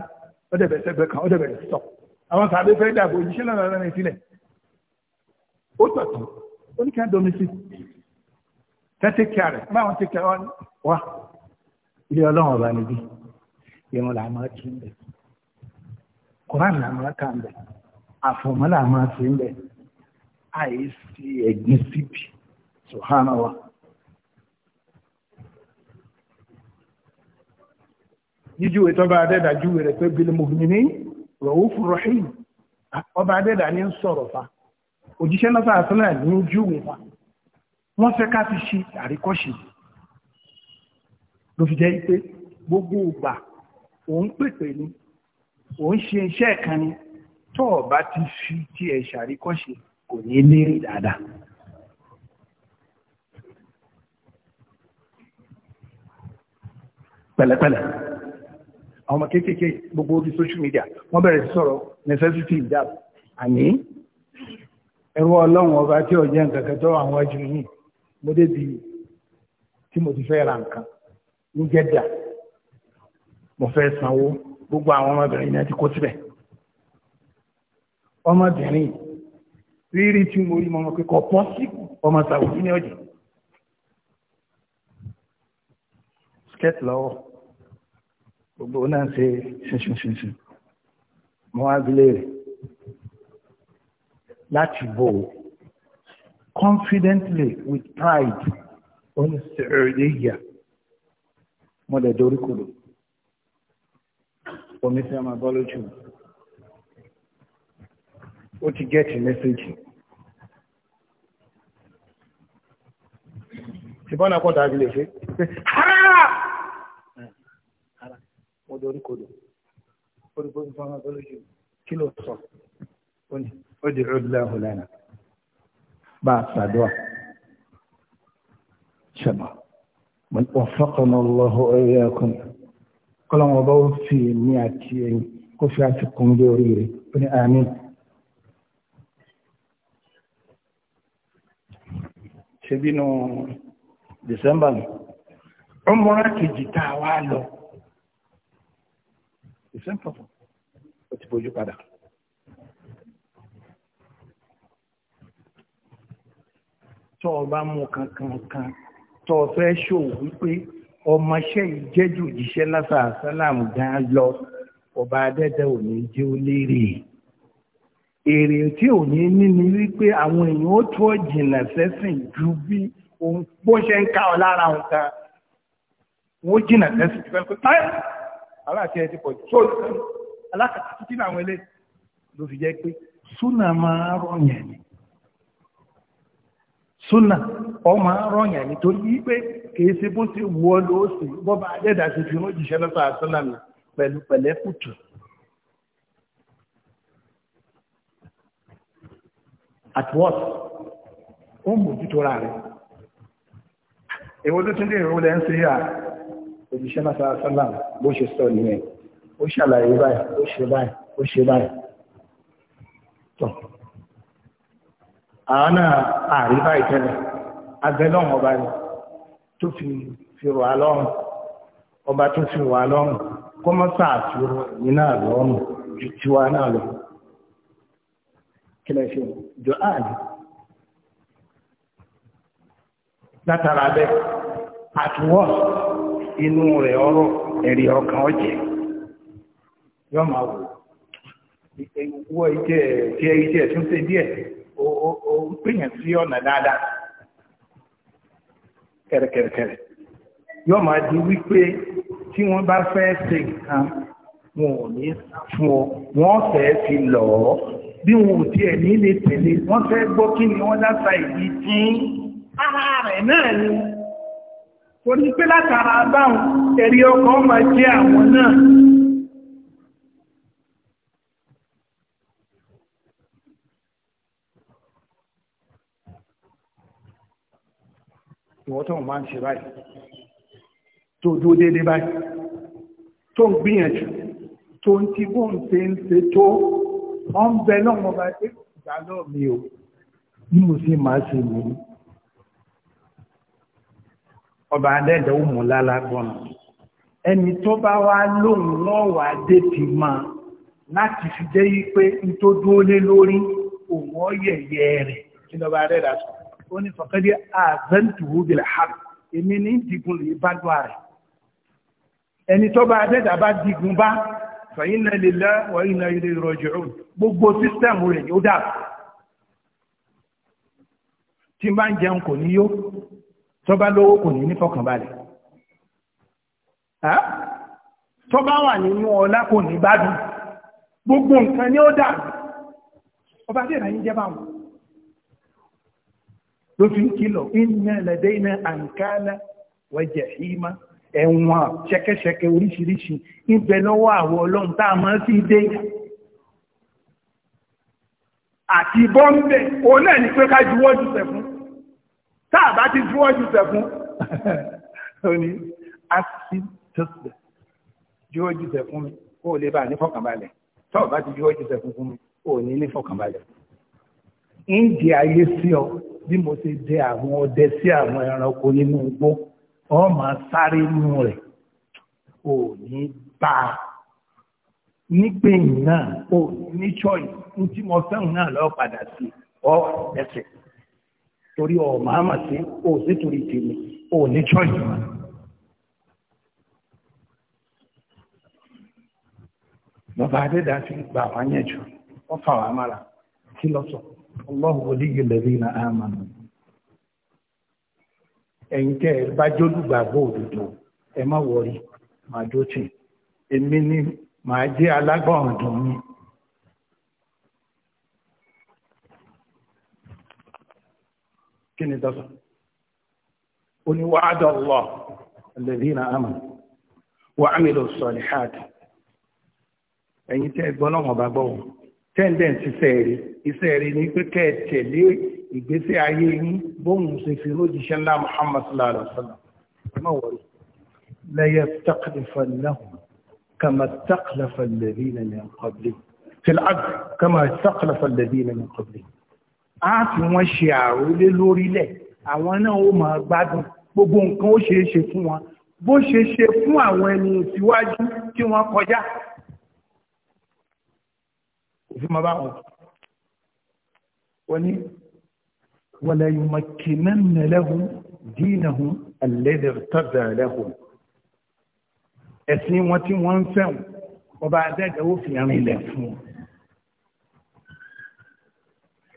Speaker 1: ó dẹ̀ bẹ̀rẹ̀ sẹ́gbẹ̀ẹ́ kan ó dẹ̀ sọ àwọn sàbẹ̀ fẹ́ dàbò ìṣẹ́ náà lọ́rẹ́ sílẹ̀ ó tọ̀tọ̀ ó ní sí tẹ́tẹ́ kíá rẹ̀ ẹ bá wọn ọ wá ilé ọlọ́run ọba níbí irun là máa tún bẹ̀ koran là máa kà ń bẹ̀ àfọ̀mọ́ là máa fi ń bẹ̀ àìsí ẹ̀gbin síbi subhanallah. jíjúwe tó bá adẹ́dà júwe rẹ̀ pé bil mu'minin ọba adẹ́dà ní sọ̀rọ̀ fa òjíṣẹ́ náà ní júwe fa. wọ́n fẹ́ ká fi ṣe àríkọ́ṣe ló fi jẹ́ pé gbogbo ìgbà òun pèpè ni òun ṣe iṣẹ́ kan ni tó o bá ti fi tí ẹ ṣàríkọ́ṣe kò ní lérè dáadáa. pẹ̀lẹ́pẹ̀lẹ́ àwọn kéékèèké gbogbo orí social media wọ́n bẹ̀rẹ̀ sí sọ̀rọ̀ necessity ìjà àní ẹ̀rọ ọlọ́run ọba tí ọ̀jẹ̀ nǹkan kẹtọ́ àwọn ẹjú mo débi tí mo ti fẹ́ ra nǹkan ní Jẹ́dà mo fẹ́ sanwó gbogbo àwọn ọmọbìnrin náà ti kó síbẹ̀ ọmọbìnrin rírí tí mo rí mọ́ ọmọ kíkọ́ pọ́síkù ọmọ sàwùjí ní ọ̀jẹ̀ skẹ́tì lọ́wọ́ gbogbo náà ṣe ṣinṣinṣinṣin mo wá gbélé rẹ̀ láti bò ó confidently with pride on Saudiya mo dẹ̀ dorí kodò omi sí ọmọ bọ́lójú ó ti gẹ́ẹ̀tì mẹ́sẹ̀jì ṣùgbọ́n náà kọ́ta abilé ṣe pé hara mo dorí kodò ó rí bóyá ọmọ bọ́lójú kí ló sọ ó ní ó di ọdún láhùn lánàá bá a sàdúà ṣẹ̀bà wàfàkànà lọ́hùn ẹ̀yẹ ẹ̀kùn kọ́lọ́n ọba ó fi èmi àti ẹ̀yìn kó fi àsìkò ń gbé oríire ó ní àmín. December ni ọmọrá kejì tá December ó ti bójú padà. tọ́ ọ bá mú kankankan tọ́ ọ fẹ́ ṣòwò wípé ọmọọṣẹ́ yìí jẹ́jù jíṣẹ́ lásàásálàmù gan lọ ọba adẹ́dẹ́ ò ní jẹ́ ó léèrè èrè tí ò ní ní ni wípé àwọn èèyàn ó tó jìnnà sẹ́sìn ju bí bó ṣe ń ká ọ lára wọn kan wọ́n jìnnà sẹ́sìn ju pé táyà aláàtí ẹ ti pọ̀ tó alákàtà náà àwọn ló fi jẹ́ pé súnà máa rọ̀ yẹn ni súnà ọmọ rọ̀yàn nítorí pé kìí ṣe bó ṣe wọ́ ló sì bọ́bá adẹ́dà ṣe fi rán jíṣẹ́ lọ́sà àṣọ́làmì pẹ̀lú pẹ̀lẹ́kùtù at what ó mójútó ra rẹ̀ èwo tó tún lè rú lẹ́ ń ṣe à òjíṣẹ́ lọ́sà àṣọ́làmì bó ṣe sọ nìyẹn ó ṣàlàyé báyìí ó ṣe báyìí ó ṣe báyìí àwọn náà àríwá ìtẹ́lẹ̀ abẹ́lọ́run ọba rẹ̀ tó fi fi rọ̀ á lọ́rùn ọba tó fi wà lọ́rùn kó mọ́ sáàtì rọ̀ ní náà lọ́rùn ju tiwa náà lọ. kí lè ṣe jọ ààrẹ látara bẹ́ àtúwọ́ inú rẹ̀ ọ̀rọ̀ ẹ̀rí ọkàn ọ̀jẹ̀ yọ́ máa wò ìwọ ìjẹ́ ìjẹ́ tún ṣe díẹ̀ ó ń pèyàn sí ọ̀nà dáadáa kẹ̀rẹ̀kẹ̀rẹ̀kẹ̀rẹ̀ yóò máa di wípé tí wọ́n bá fẹ́ ṣe nǹkan wọn ò ní fún ọ wọ́n fẹ́ fi lọ̀ ọ́ bí wọn ò tiẹ̀ ní lè tẹ̀lé wọ́n fẹ́ gbọ́ kí ni wọ́n láta ìdí tí ara rẹ̀ náà ni torí pé látara báwọn ẹ̀rí ọkọ̀ máa jẹ́ àwọn náà ìwọ́n tó máa ń ṣe báyìí tó dúó déédéé báyìí tó ń gbìyànjú tó ń ti bó ń ṣe ń ṣe tó ọ ń bẹ náà wọn bá ṣe ìgbà náà mi ò ní mo sì máa ṣe mí ọba adẹ́dẹ́ ó mú lálágbọ́nà ẹni tó bá wá lóhùn náà wà dé ti máa láti fi jẹ́ yí pé n tó dúó lé lórí òun ọ̀yẹ̀yẹ rẹ̀ kí lọ́ba adẹ́dà sọ ó ní fọ̀kẹ́dẹ́ àzẹ́ntùwú bìlẹ̀ hàrù èmi ní dìgun lè bá dùn ààrẹ ẹni tó bá adẹ́dà bá dìgun bá fa inna lillahi wa inna ilayhi raji'un gbogbo sísẹ́mù rẹ̀ yóò dà tí bá ń jẹun kò ní yó tó bá lówó kò ní nífọ̀kànbalẹ̀ tó bá wà nínú ọlá kò ní gbádùn gbogbo nǹkan ni ó dà ọba adẹ́dà yín jẹ́ báwọn ló fi ń kìlọ̀ inna ladaina àǹkálá wa jahima ẹ̀wọ̀n ṣẹ̀kẹ̀ṣẹ̀kẹ̀ oríṣiríṣi ibẹ̀ lọ́wọ́ àwọn ọlọ́run tá a máa fi dé àti bọ́m̀bẹ̀ òun náà ní pé ká juwọ́ jùsẹ̀ fún tá a bá ti juwọ́ jùsẹ̀ fún ó ní àti tọ́sẹ̀ juwọ́ jùsẹ̀ fún mi kó o lè bá a ní fọkànbalẹ̀ tọ́ọ̀ bá ti juwọ́ jùsẹ̀ fún mi kó o ní ní fọkànbalẹ̀ fún ń di ayé sí ọ bí mo ṣe dẹ àwọn ọdẹ sí àwọn ẹranko nínú igbó ọ máa sáré nù rẹ̀ ò ní bá a nígbẹ̀yìn náà ò ní choice ní tí mo fẹ́ràn náà lọ́ọ́ padà sí ọ ẹsẹ̀ torí ọ màámà sí ò sí torí tèmi ò ní choice mọ́. bàbá adédàá fi gbà wá yẹn jù wọ́n fà wá mára kí lọ́sọ̀ọ́. Allahu wòlíyìí lẹ́bí na àmàlù. Ẹ̀yin tẹ́ ẹ bá jólúgbàgbọ́ òdodo, ẹ má wọrí, màá jó tì. Èmi ni màá jẹ́ alágbọ̀n dùn mí. Kí ni dọ́sọ̀? Ó ní na àmàlù. Wa 'amilu salihati. Ẹ̀yin tẹ́ ẹ gbọ́ náà wọ́n bá gbọ́ wọn. tẹ́ndẹ̀ǹsì sẹ́ẹ̀rí iṣẹ́ rí ni pé kẹ́ ẹ tẹ̀lé ìgbésẹ̀ ayé yín bóun ṣe fi rójìṣẹ́ ńlá muhammad sallallahu alaihi wa sallam ọmọ wọ̀rí lẹ́yẹ taqlifa lahum kama taqlafa alladhina min qabli tìlàd kama taqlafa alladhina min qabli. a fi wọ́n ṣe àròlé lórílẹ̀ àwọn náà ó máa gbádùn gbogbo nǹkan ó ṣeé ṣe fún wọn bó ṣe ṣe fún àwọn ẹni ìsíwájú tí wọ́n kọjá ìfimọ́ bá wọn wọ́n ní wala yumakkinanna lahum dínàhùn alẹ́dẹ̀ẹ́tàdà lẹ́hùn ẹ̀sìn wọn tí wọ́n ń fẹ́hùn ọba adẹ́gẹ̀ ó fi àrin ilẹ̀ fún wọn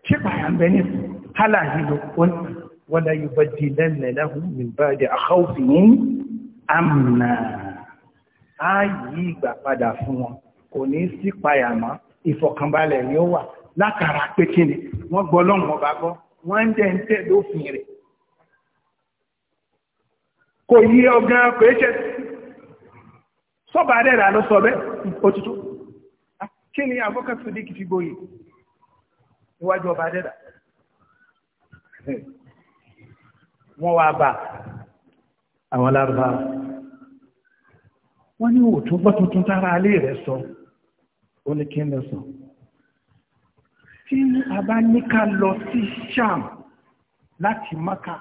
Speaker 1: ṣé pàyà ń bẹ ní hálà nílò wala yubaddilanna lahum min ba'di khawfihim amna á yí ìgbà padà fún wọn kò ní sí payà mọ́ ìfọ̀kànbalẹ̀ ni ó wà látara pé kí ni wọ́n gbọ́ lọ́hùn ọba gbọ́ wọ́n ń dẹ́ ń tẹ̀ lófin rẹ̀ kò yí ọgán kò é ṣe sọ́bà rẹ̀ rà ló sọ bẹ́ òtútù ah, kí ni abọ́kà tó fi gboyè níwájú ọba rẹ̀ rà wọ́n wá bá àwọn lárúbáwá wọ́n ní òtún gbọ́ tára alé rẹ̀ sọ. So. ó ní kí ni sọ tí a bá ní lọ sí sham láti maka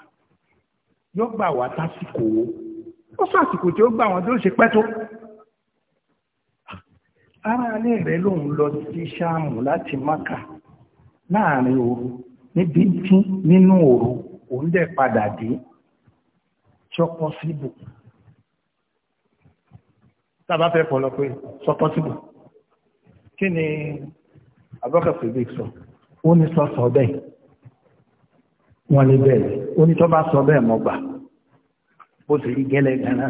Speaker 1: yóò gbà wá tásìkò wo ó sọ àsìkò tí ó gbà wọn tí ó ṣe pẹ́ tó ara alẹ́ rẹ̀ lòun lọ sí sham láti maka láàrin òru níbi tí nínú òru òun dẹ̀ padà dé sọpọ́síbù tá a bá fẹ́ fọlọ́ pé sọpọ́síbù. So kí ni abubakar sadiq sọ ó ní sọ sọ bẹ́ẹ̀ wọ́n lè bẹ̀rẹ̀ ó ní tó bá sọ bẹ́ẹ̀ mọ́ gbà bó ṣe rí gẹ́lẹ́ gan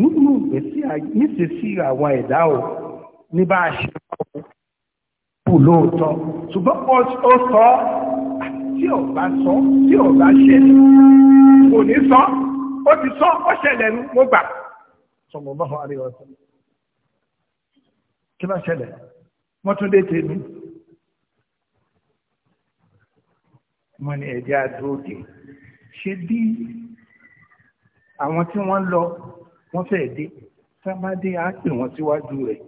Speaker 1: nínú ìgbésí nísinsí àwọn ẹ̀dá o ní bá a ṣe kú lóòótọ́ ṣùgbọ́n ó sọ tí ò bá sọ tí ò bá ṣe kò ní sọ ó ti sọ ó ṣẹlẹ̀ nu mo gbà sallallahu alaihi wasallam kí ló ṣẹlẹ̀ wọ́n tún dé tèmi mo ní ẹ̀jẹ̀ àdóòdè ṣe bí àwọn tí wọ́n lọ wọ́n fẹ́ dé sábàdé á pè wọ́n síwájú rẹ̀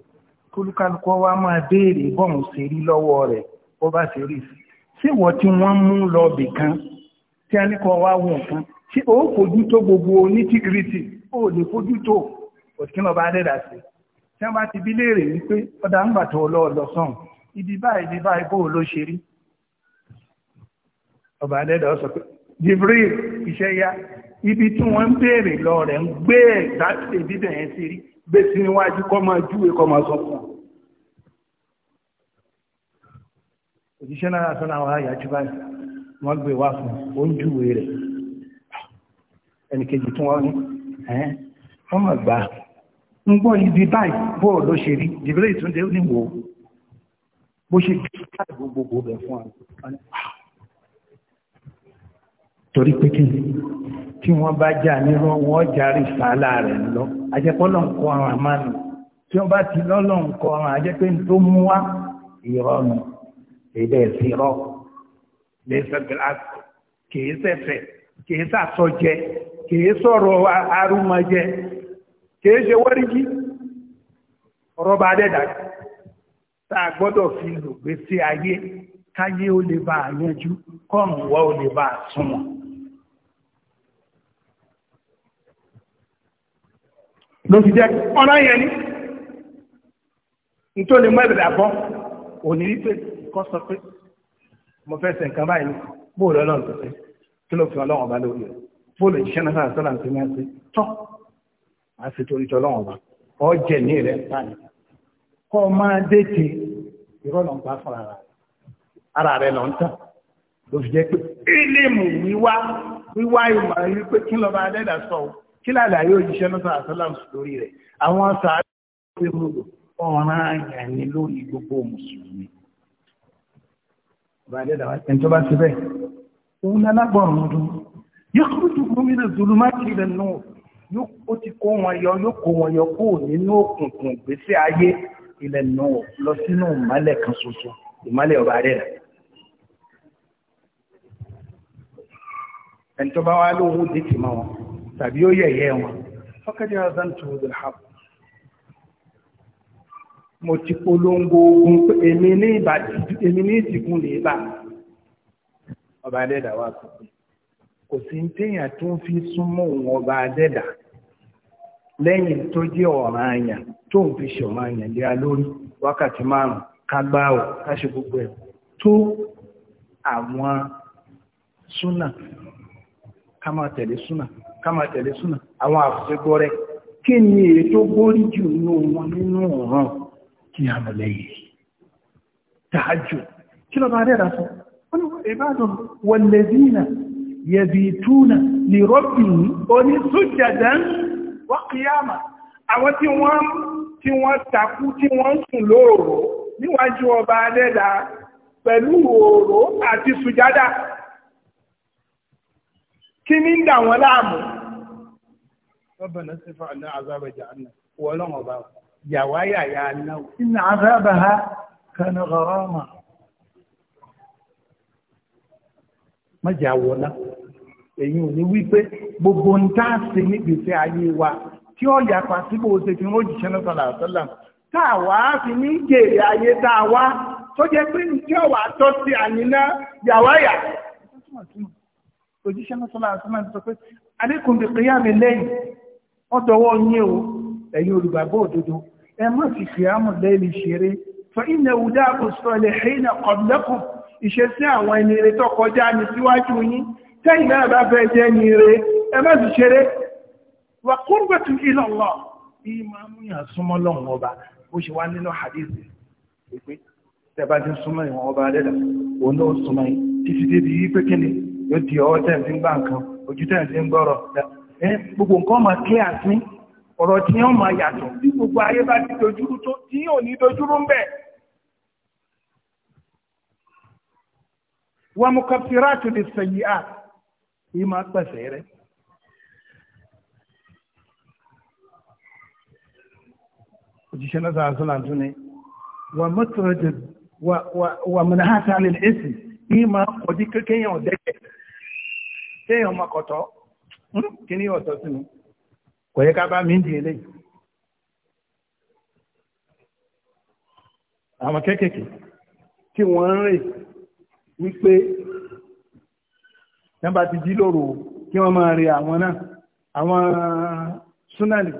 Speaker 1: kólúkálukọ́ wa máa béèrè bọ́ọ̀n ṣe rí lọ́wọ́ rẹ̀ bó bá ṣe rí sí ṣé wọ́n tí wọ́n mú lọ bìkan tí a ní kọ́ wá wọ̀ kan ṣé ó fojú tó gbogbo onítìkìrìtì ó lè fojú tó òtí kí wọ́n bá rẹ̀ dà sí i tí wọ́n bá ti bí léèrè wípé ọ̀dà ń gbà ọlọ́ọ̀lọ́ sọ̀hún ibi báyìí ibi báyìí bó ló ṣe rí ọba adẹ́dọ̀ sọ pé Jibril iṣẹ́ yá ibi tí wọ́n ń béèrè lọ rẹ̀ ń gbé ẹ̀dá ibi bẹ̀yẹn sí rí gbé sí níwájú kọ́ máa júwe kọ́ máa sọ fún un òjíṣẹ́ náà sọ náà wà yájú báyìí wọ́n gbé wá fún ó ń júwe rẹ̀ ẹnìkejì tí wọ́n ní wọ́n mọ̀ gbà á ń gbọ́ ibi báyìí bọ́ọ̀ ló ṣe rí jìbìlẹ̀ ìtúndé níwò bó ṣe kíkà gbogbogbò bẹ̀ fún àwọn ah. torí pé kí tí wọ́n bá jà nírọ́ wọ́n járí sàálà rẹ̀ lọ ajẹ́pọ́lọ̀ ń kọ́ ọ̀rọ̀ àmánu tí wọ́n bá ti lọ́lọ́ ń kọ́ ọ̀rọ̀ ajẹ́pẹ́ tó mú wá ìrọ̀nù èdè ìsirọ́ kìí sẹ̀fẹ̀ kìí sàtọ́jẹ kìí sọ̀rọ̀ arúmọjẹ kìí ṣe wọ́rígí ọ̀rọ̀ bá dẹ́dà tá a gbọ́dọ̀ fi lògbé sí ayé káyé ó lè bá àyànjú kọ́rùn wá ó lè bá àsúnwọ̀n ló fi jẹ́ ọ̀rọ̀ yẹn ni nítorí mọ́ ìbẹ̀rẹ̀ àbọ̀ òní wípé kọ́ sọ pé mo fẹ́ ṣe nǹkan báyìí bóòlù ọlọ́run tó ṣe kí ló fi ọlọ́run ọba lórí rẹ̀ bóòlù ìṣẹ́ náà sọ́lá ń ṣe mẹ́sẹ̀ tán a fi torí tọ́ lọ́wọ́n wa ọ jẹ ní rẹ báyìí kọ́ ọ máa déètì irọ́ lọ́n pa fún ara rẹ ara rẹ lọ́n tàn ló fi jẹ́ pé ílímù wíwá wíwá ìmọ̀ yìí pé kí lọ́ba adẹ́dà sọ o kí làlàyé òjíṣẹ́ náà sọ̀rọ̀ sọ́làmù lórí rẹ̀ àwọn sàárẹ̀ ló fi mú lò ọ̀ràn àyàn ni lórí gbogbo mùsùlùmí. ọba adẹ́dà wá ẹni tó bá ti bẹ́ẹ̀ òun lálágbọ̀n ọ̀run dùn yóò kúrò tó gómìnà zulumati ilẹ̀ náà ó ti kó wọn yọ yóò kó wọn yọ kúrò nínú òkùnkùn ìgbésí ayé ilẹ̀ náà lọ sínú ìmọ́lẹ̀ kan ṣoṣo ìmọ́lẹ̀ ọba rẹ̀ rẹ̀. ẹni tó bá wá lóhun dé tì mọ́ wọn tàbí ó yẹ̀yẹ́ wọn fọ́kẹ́dé ọ̀sán tó o dùn hàpù. mo ti polongo ogun pé èmi ní ìbà èmi ní ìsìnkú ní ìbà ọba adẹ́dà wà pé kò sí téèyàn tó ń fi súnmọ́ òun ọba adẹ́dà lẹ́yìn tó jẹ́ ọ̀ràn àyàn tó ń fi ṣọ̀ràn àyàn lé a lórí wákàtí márùn kágbáwò káṣe gbogbo ẹ̀ tó àwọn súnà ká máa tẹ̀lé súnà ká tẹ̀lé súnà àwọn àfẹ́gbọ́ kí ni ètò gbórí jù nínú wọn nínú ọ̀ràn kí a mọ̀ lẹ́yìn tààjù kí lọ́ba rẹ̀ra sọ ìbádùn wọ̀lẹ̀dínà yẹ̀bìtúnà lè rọ́bìn oní sójàdán wọ́n kíyàmà àwọn tí wọn tí wọ́n takú tí wọ́n sùn lóòrò níwájú ọba adẹ́dà pẹ̀lú òòrò àti sùjádà kí ní ń dà wọ́n láàmú. Rabbana sífà ní azaba jahannam wọ́n lọ́wọ́ bá yàwá yàyà náà. azabaha kana gharama. Má jà náà. èyí ò ní wípé gbogbo ń tá a ṣe níbi ìfẹ́ ayé wa tí ó yàpá sí bó ṣe fi wọ́n jìṣẹ́ náà sọ̀rọ̀ àtọ́là tá a wá fi ní jèrè ayé tá a wá tó jẹ́ pé tí ó wà tọ́ sí àníná yàwáyà òjíṣẹ́ náà sọ̀rọ̀ àtọ́là sọ pé alékùn bí kìíyà mi lẹ́yìn wọ́n dọwọ́ yín o ẹ̀yin olùgbàgbọ́ òdodo ẹ má fi kìíyà mọ̀ ṣeré fa ilẹ̀ wùdá àkùsọ̀ lè ṣe ìṣesí àwọn ẹni rẹ̀ tó kọjá ní síwájú tẹ́yìn náà bá fẹ́ jẹ́ ní ire ẹ má sì ṣeré wà qurbatu ila Allah bí máa mú yàn súnmọ́ lọ́hùn ọba ó ṣe wá nínú hadith pé tẹ́bá ti súnmọ́ ìwọ̀n ọba adẹ́dà òun náà súnmọ́ yìí títí débi yí pé kí ni yóò di ọwọ́ tẹ̀ ń gbà nǹkan ojú tẹ̀ ń gbọ́rọ̀ ẹ gbogbo nǹkan máa kílẹ̀ àti ọ̀rọ̀ tí wọ́n máa yàtọ̀ bí gbogbo ayé bá ti dojúrú tó tí ò ní dojúrú ń bẹ̀. wàmùkàfíràtù lè sẹ̀yìn àti yìí máa pẹ̀sẹ̀ rẹ̀. òjíṣẹ́ náà sáà sọ́là tún ni wà wa wà mọ̀nà hàtà àlẹ́ èsì yìí ma kọjú àwọn kéékèèké tí wọ́n ń wípé nígbà tí jí lóru kí wọ́n máa rí àwọn náà àwọn súnàlì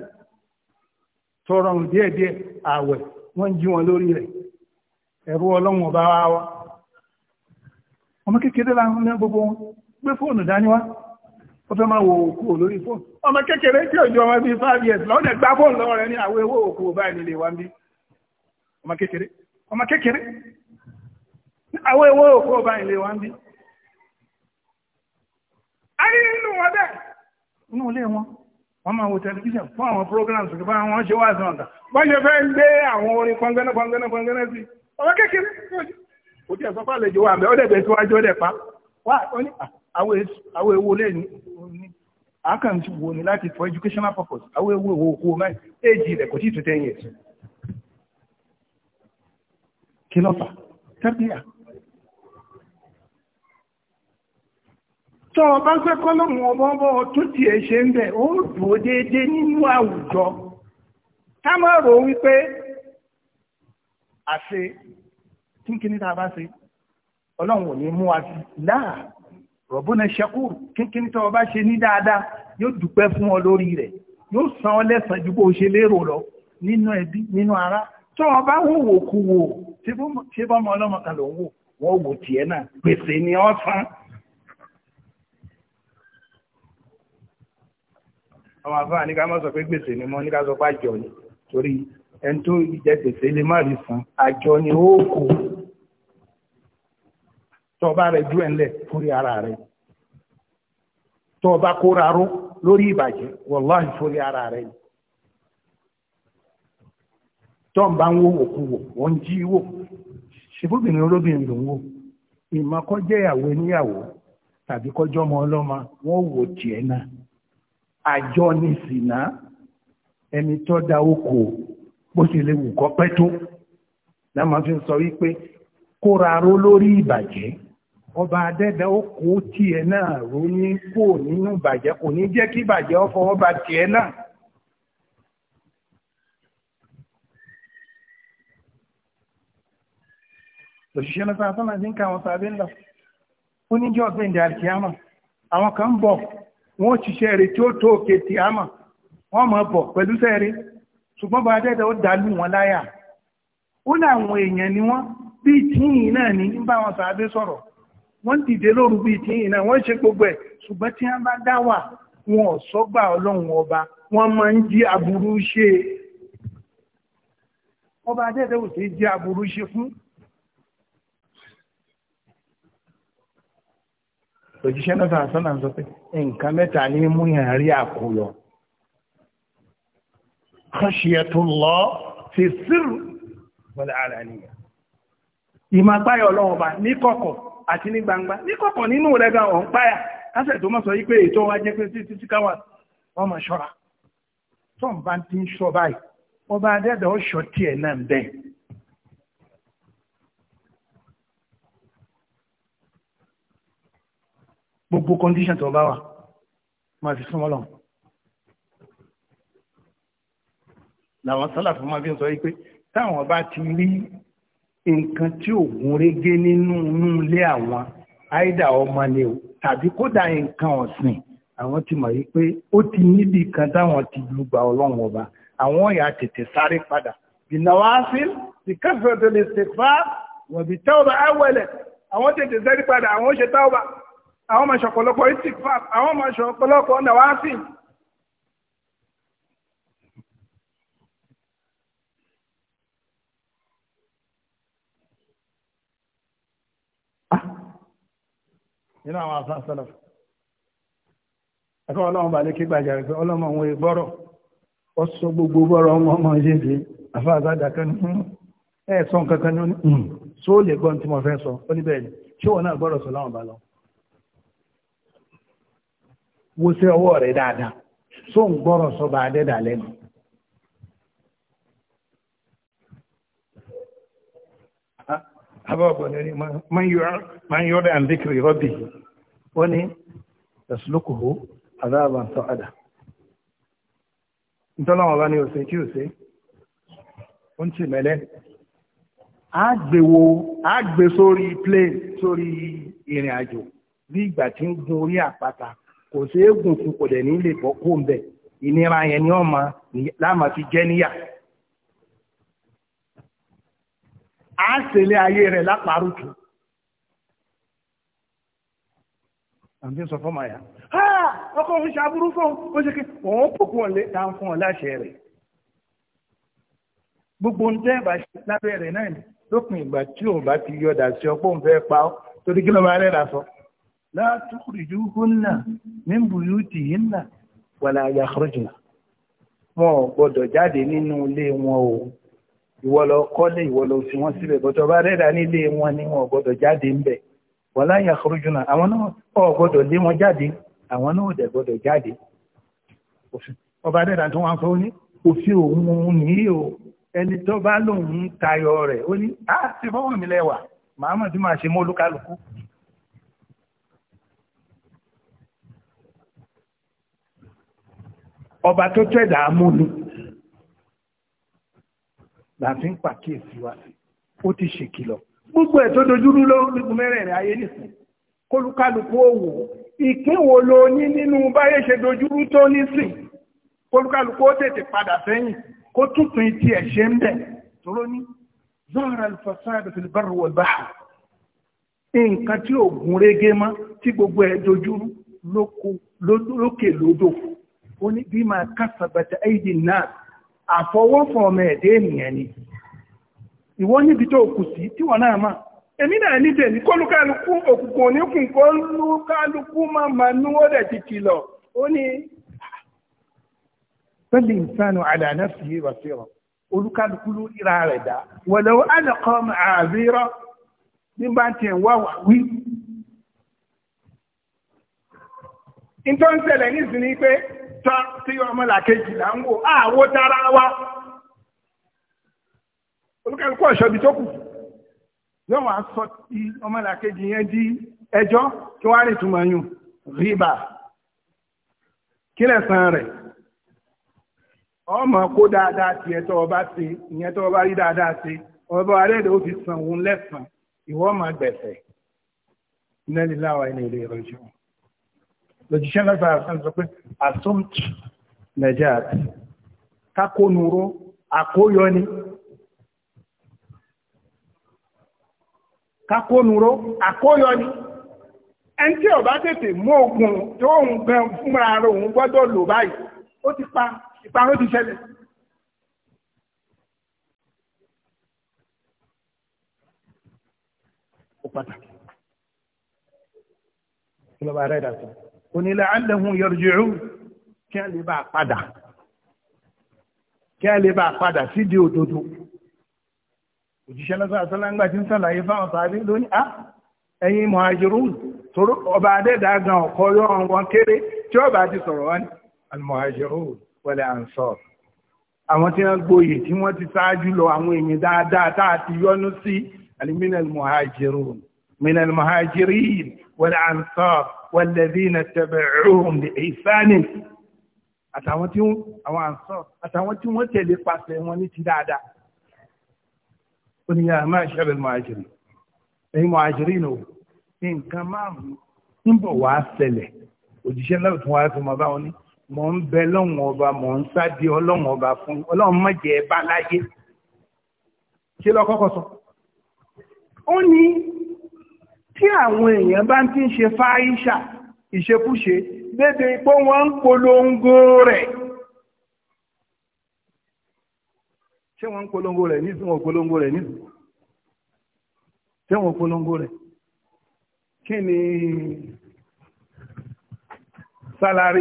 Speaker 1: tọrọ díẹ̀díẹ̀ ààwẹ̀ wọ́n jí wọn lórí rẹ̀ ẹ̀rú ọlọ́run ọba wa wá ọmọ kékeré láwọn ní gbogbo wọn gbé fóònù dání wá ó fẹ́ máa wo òkú olórí fóònù ọmọ kékeré tí òjò ọmọ bíi five years lọ́dẹ̀ gbá fóònù lọ́wọ́ rẹ̀ ní àwọn ewé òkú ọba ìnílé wa ń bí ọmọ kékeré ọmọ kékeré àwọn ewé òkú ọba ìnílé wa ń bí a rí nínú wọn bẹ́ẹ̀ inú ilé wọn wọ́n máa wo tẹlifíṣàn fún àwọn programs tó bá wọn ṣe wá sí ọ̀tà wọ́n ṣe fẹ́ ń gbé àwọn orin pọngẹ́nà pọngẹ́nà pọngẹ́nà sí ọ̀rọ̀ kékeré kò tí ẹ̀ sọ pé àlejò wa bẹ́ẹ̀ ó dẹ̀ bẹ́ẹ̀ síwájú ó dẹ̀ pa wá ah, àwọn èwo lè ní àákàn ti wo ni láti for educational purpose àwọn èwo èwo òkú ọmọ èjì rẹ̀ kò tí ì tó tẹ́yìn ẹ̀ kí lọ́fà tẹ́pìyà tọ́ ọba fẹ́ kọ́lọ́mù ọmọ tó ti ẹ̀ ṣe ń bẹ̀ ó dúró déédé nínú àwùjọ ká má wípé àṣe tí kíní a bá ṣe ọlọ́run ò ní mú wa sí láà rọ̀bùnà ṣẹkùrù kínkíní tó ọba ṣe ní dáadáa yóò dúpẹ́ fún ọ lórí rẹ̀ yóò san ọ lẹ́sàn ju bó ṣe lérò lọ nínú ẹbí nínú ara tó ọba wò wò kú wò ṣé bọ́mọ ọlọ́mọ kan ló ń wò wọ́n wò tiẹ̀ náà gbèsè ni ọ san. àwọn àfáà ní ká má sọ pé gbèsè ni mo ní ká sọ pé àjọ ni torí ẹni tó jẹ gbèsè lè rí san àjọ ni ó tọba rẹ dúró ẹnlẹ fúri ara rẹ tọba kóra ró lórí ìbàjẹ́ wàláhì fúri ara rẹ tọ́ǹbà ń wò wòkúwò ń jí wò ṣèbóbìnrin olóbìnrin ló ń wò tàbí kọjọ́ ọmọ ọlọ́mọ àjọ ní sìnà ẹni tọ́ da oko bó ṣe lè wù kọ́ pẹ́ tó fi sọ wípé kóra ró lórí ìbàjẹ́ ọba adẹ́dá tiẹ̀ náà ró ní kó nínú ìbàjẹ́ kò ní jẹ́ kí ìbàjẹ́ wọ́n ṣiṣẹ́ rẹ̀ tí ó tó òkè tí a mọ̀ wọ́n mọ̀ bọ̀ pẹ̀lú sẹ́ẹ̀rẹ́ ṣùgbọ́n bá dẹ́dẹ́ ó dàlú wọn láyà ó láwọn èèyàn ni wọ́n bíi tíyìn náà ní ń bá wọn sàbẹ̀ sọ̀rọ̀ wọ́n dìde lóru bíi tíyìn náà wọ́n ṣe gbogbo ẹ̀ ṣùgbọ́n tí wọ́n bá dá wà wọn ò sọ́gbà ọlọ́run ọba wọ́n máa ń jí aburú ṣe ọba dẹ́dẹ́ ò sí jí aburú ṣe fún òjíṣẹ́ náà sàn sọ́nà sọ pé nǹkan mẹ́ta ní mú yàn rí àkóyọ khashiyatullah fi sirr wal alaniya ìmọ̀ páyà ọlọ́run ọba ní kọ̀kọ̀ àti ní gbangba ní kọ̀kọ̀ nínú rẹ̀ gan ọ̀n páyà lásẹ̀ tó mọ̀ sọ yí pé ètò wa jẹ́ pé títí tí káwà wọ́n mọ̀ ṣọ́ra tó ń bá ti ń ṣọ́ báyìí ọba adẹ́dàá ó ṣọ́ tiẹ̀ náà bẹ́ẹ̀ gbogbo condition tó bá wà máa fi súnmọ́ lọ́wọ́ làwọn sálàfù máa fi sọ wípé táwọn bá ti rí nǹkan tí ò gún régé nínú inú ilé àwọn àìdá ọmọ ni o tàbí kódà nǹkan ọ̀sìn àwọn ti mọ̀ wípé ó ti níbi kan táwọn ti lùgbà ọlọ́run ọba àwọn ọ̀yà tètè sáré padà bìnàwáfíl bìkẹ́fẹ́ tó lè ṣèfà wọ̀bì tẹ́wọ̀bà áwẹ̀lẹ̀ àwọn tètè sáré padà àwọn ó ṣe tẹ́wọ̀bà àwọn ọmọ ìṣọ̀pọ̀lọpọ̀ istikfar àwọn ọmọ ìṣọ̀pọ̀lọpọ̀ nawafil nínú àwọn afẹ́sọ́lọ̀ ẹ̀kọ́ ọlọ́run bà lè kí gbàjà rẹ̀ pé ọlọ́mọ òun ìgbọ́rọ̀ ó sọ gbogbo bọ́rọ̀ ọmọ ọmọ yé di afẹ́sọ́dà kan ní hmm, ẹ̀ sọ nǹkan kan ní sóòlè hmm, gbọ́n tí mo fẹ́ sọ ó ní bẹ́ẹ̀ náà gbọ́rọ̀ sọ láwọn bá lọ wo ọwọ́ rẹ̀ dáadáa só ń gbọ́rọ̀ sọba adẹ́dà lẹ́nu. abọ́bọ̀ ni man yọ́ dàn díkìrì rọ́bì ó ẹ̀sùlùkùhù ń àdá bá ní ó ń tì mẹ́lẹ́ plane kò sí eégún fún kò dẹ̀ ní lè bọ́ kó ń bẹ̀ ìnira yẹn ni ọmọ láàmà fi jẹ́ níyà. a ṣẹlẹ̀ ayé rẹ̀ lápárùtù. àǹtí sọ fọ́mọ àyà ọkọ òun ṣàbúrú fún ó ṣe kí òun pòkú ọ̀lẹ́ dáa fún ọ láṣẹ rẹ̀ gbogbo ń tẹ́ bá ṣe lábẹ́ rẹ̀ náà lópin ìgbà tí òun bá ti yọ̀dà sí ọpọ́ òun fẹ́ pa ọ́ torí kí ló máa rẹ̀ sọ. لا تخرجوهن من بيوتهن ولا يخرجن wọn ò gbọdọ̀ jáde nínú ilé wọn o ìwọ ló kọ́lé ìwọ ló fi wọ́n síbẹ̀ bọ́tọ̀ bá rẹ́ra nílé wọn ni wọn ò gbọdọ̀ jáde ń bẹ̀ wala yakhrujuna àwọn náà ò gbọdọ̀ lé wọn jáde àwọn náà ò dẹ̀ gbọdọ̀ jáde ọba rẹ́ra tó wọn fẹ́ ó ní òfin òun òun o ẹni tó bá lòun tayọ rẹ̀ ó ní ah, ọba tó tẹ̀dá mú ni láti ń pàkíyèsí wa ó ti ṣèkìlọ̀ gbogbo ẹ̀ tó dojúrú lórígun mẹ́rẹ̀ẹ̀rin ayé nìsín kólúkálukú òwò ìpín wo lo ní nínú báyé ṣe dojúrú tó nísìn kólúkálukú ó tètè padà sẹ́yìn kó tuntun ti ẹ̀ ṣe ń bẹ̀ tóró ní zahara alfasad fil barri wal bahr nǹkan tí ò gún régé mọ́ tí gbogbo ẹ̀ dojúrú lókè lódò fún ó ní bí máa kásàbàtà aidi náà àfọwọ́fọ̀ ọmọ ẹ̀dẹ́ ènìyàn ni ìwọ níbi tó kù sí tí wọ́n náà máa èmi náà ní tèmi kọlùkálùkù òkùnkùn oníkùn kọlùkálùkù máa ma núwó dẹ̀ ti kìlọ̀ ó ní pẹ́lú ìsánú àdánà sí ìwàsíọ̀ olùkálùkù ló ríra rẹ̀ dá wọ̀lọ́wọ́ àlọ́kọ́ àbírọ́ ní bá ti ń wá wà wí nítorí ń ṣẹlẹ̀ nísìnyí pé tán tí ọmọlàkejì là ń wò àwo tara wa olùkẹ́lùkọ́ ọ̀ṣọ́bi tó kù yóò wá sọ ti ọmọlàkejì yẹn di ẹjọ́ kí wọ́n á rìn túmọ̀ yùn rìbà kí lẹ̀sán rẹ̀ ọmọ kó dáadáa ti ẹ̀tọ́ ọba ṣe ìyẹn tó ọba rí dáadáa ṣe ọba arẹ́dẹ̀ ó fi san òun lẹ́sàn ìwọ́ máa gbẹ̀sẹ̀ inna lillahi wa inna ilayhi raji'un lòjíṣẹ́ lọ́sà àṣán sọ pé assumed najat kákónúró àkóyọ ni kákónúró àkóyọ ni ẹni tí ó bá tètè mú ogun tó ń gan fúnra rẹ̀ òun gbọ́dọ̀ lò báyìí ó ti pa ìparun ti ṣẹlẹ̀ ó pàtàkì kí ló bá rẹ̀ dàtọ̀ onílẹ̀ alẹ́hùn yọrùjìrù kí a lè bá padà kí a lè bá padà sídìí òdodo òjíṣẹ́ lọ́sọ̀ àtọ́láńgbà tí ń sàlàyé fáwọn tàbí lónìí á ẹ̀yin muhajirun tóró ọba adẹ́dà gan ọ̀kọ́ yọ̀rọ̀ wọn kéré tí ọba ti sọ̀rọ̀ wọn almuhajirun wọlé ansar àwọn tí wọ́n gboyè tí wọ́n ti ṣáájú lọ àwọn èèyàn dáadáa tá a ti yọ́nú sí aliminal muhajirun minal muhajirin wọlé ansar wàlẹ́dínà tẹ̀bẹ̀rún ní ìsánì àtàwọn tí àwọn àǹsọ̀ àtàwọn tí wọ́n tẹ̀lé pàṣẹ wọn ní ti dáadáa ó ní yàrá máa ṣẹ́bẹ̀ mọ̀ájìrì ẹ̀yin mọ̀ájìrì nù nǹkan márùn-ún ń bọ̀ wá ṣẹlẹ̀ òjíṣẹ́ náà tún wá fi mọ̀ báwọn ní mọ̀ ń bẹ lọ́wọ́n ọba mọ̀ ń sáde ọlọ́wọ́n ọba fún ọlọ́run mọ̀jẹ̀ ẹ̀ bá láyé ṣé lọ́kọ́kọ́ sọ ó ní tí àwọn èèyàn bá ti ń ṣe fáyíṣà ìṣekúṣe dédé pé wọ́n ń polongo rẹ̀ ṣé wọ́n ń polongo rẹ̀ nísìn wọ́n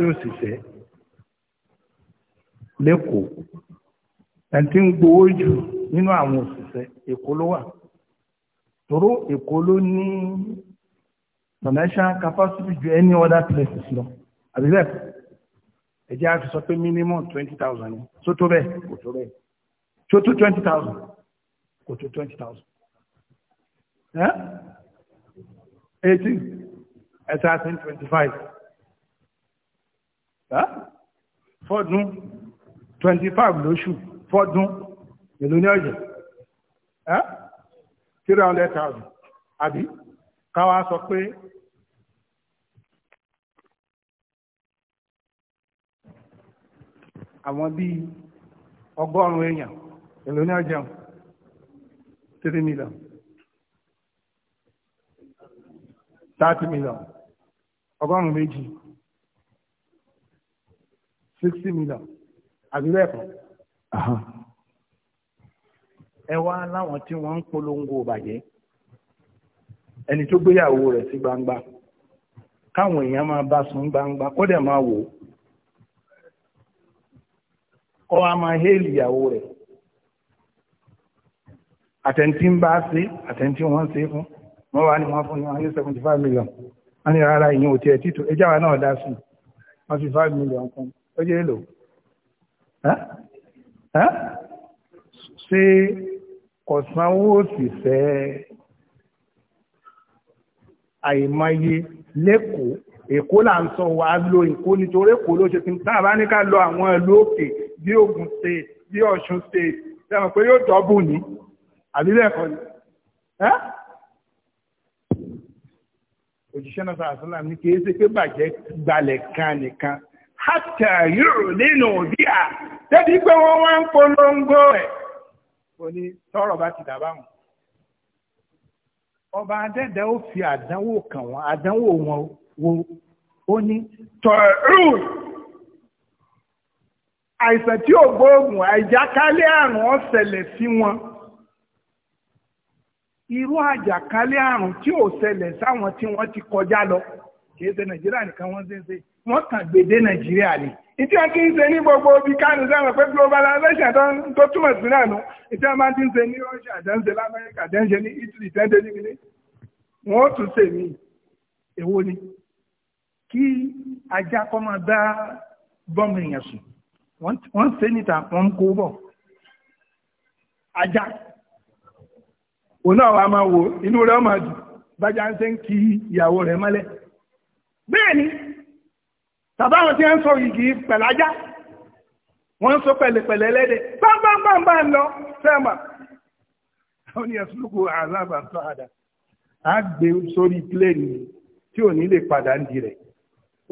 Speaker 1: òṣìṣẹ́ lẹ́kọ̀ọ́ ẹni tí ń gbowó jù nínú àwọn òṣìṣẹ́ Èkó ló wà tòró èkó ló ní commercial capacity ju any other places lọ àbí bẹ́ẹ̀ ẹ jẹ́ àti sọ pé minimum twenty thousand ni tó tó bẹ́ẹ̀ kò tó bẹ́ẹ̀ tó tó twenty thousand kò tó twenty thousand eighteen ẹ̀sẹ̀ àti twenty five fọ́dún twenty five lóṣù fọ́dún èlò ní ọ̀jẹ̀ three hundred thousand àbí káwa sọ pé àwọn bíi ọgọ́rùn-ún èèyàn èlò ní ọjọ́ three million thirty million ọgọ́rùn-ún méjì sixty million àbí bẹ́ẹ̀ kọ́ ẹ wá láwọn tí wọ́n ń polongo bàjẹ́ ẹni tó gbéyàwó rẹ̀ sí gbangba káwọn èèyàn máa bá sùn gbangba kó dẹ̀ máa wò kó a máa héèlì ìyàwó rẹ̀ àtẹ̀ntí ń bá sí àtẹ̀ntí wọ́n sí fún wọ́n wá ní wọ́n fún ní wọ́n ní seventy five million wọ́n ní rárá ìyẹn ò tiẹ̀ títò ẹjá wa náà dá sí wọ́n fi five million kún ó jẹ́ èlò ṣé ọ̀sánwó òṣìṣẹ́ àìmọye lẹ́kọ̀ọ́ èkó là ń sọ wà á lo èkó nítorí èkó ló ṣe fi tá a bá ní ká lọ àwọn ìlú òkè bí Ògùn state bí Ọ̀ṣun state sẹ́wọ̀n pé yóò dọ́bù ní àbílẹ̀kọ́ ni òjíṣẹ́ náà sàrà sọ́lá ní kìí ṣe pé bàjẹ́ gbalẹ̀ kan nìkan hátà yóò nínú òbí à débi pé wọ́n wá ń polongo rẹ̀ ó ní tọ́rọ̀ bá ti dàbà wọn ọba adẹ́dẹ́ ó fi àdánwò kàn wọ́n àdánwò wọn wo ó ní tọ́rù àìsàn tí ò gbóògùn àìjákálẹ̀ àrùn ó ṣẹlẹ̀ sí wọn irú àjàkálẹ̀ àrùn tí ò ṣẹlẹ̀ sáwọn tí wọ́n ti kọjá lọ kì í ṣe nàìjíríà nìkan wọ́n ti ń ṣe wọ́n kàn gbèdé nàìjíríà ni ìtí wọn kì í ṣe ní gbogbo ibi kánú sẹ́wọ̀n pé globalization tó túmọ̀ sí náà nù ìtí wọn máa ti ń ṣe ní Russia tẹ́ ń ṣe lamẹ́ríkà tẹ́ ń ṣe ní Italy tẹ́ ń ṣe níbi ní wọ́n ó tún ṣe mí èwo ni kí ajá kọ́ máa dá bọ́ọ̀mù èèyàn sùn wọ́n ṣe níta wọ́n ń kó bọ̀ ajá òun náà wàá máa wò inú rẹ̀ máa dùn bájá ń ṣe ń kí ìyàwó rẹ̀ mọ́lẹ̀ bẹ́ẹ̀ni tàbá wọn tí ń sọ igi pẹ̀lájá wọ́n ń sọ pẹ̀lẹ̀pẹ̀lẹ̀ lẹ́dẹ̀ ń lọ sẹ́mà wọ́n ni ẹ̀sùn lóko àzábà àdá a gbé sórí pléènì tí ò ní lè padà ń di rẹ̀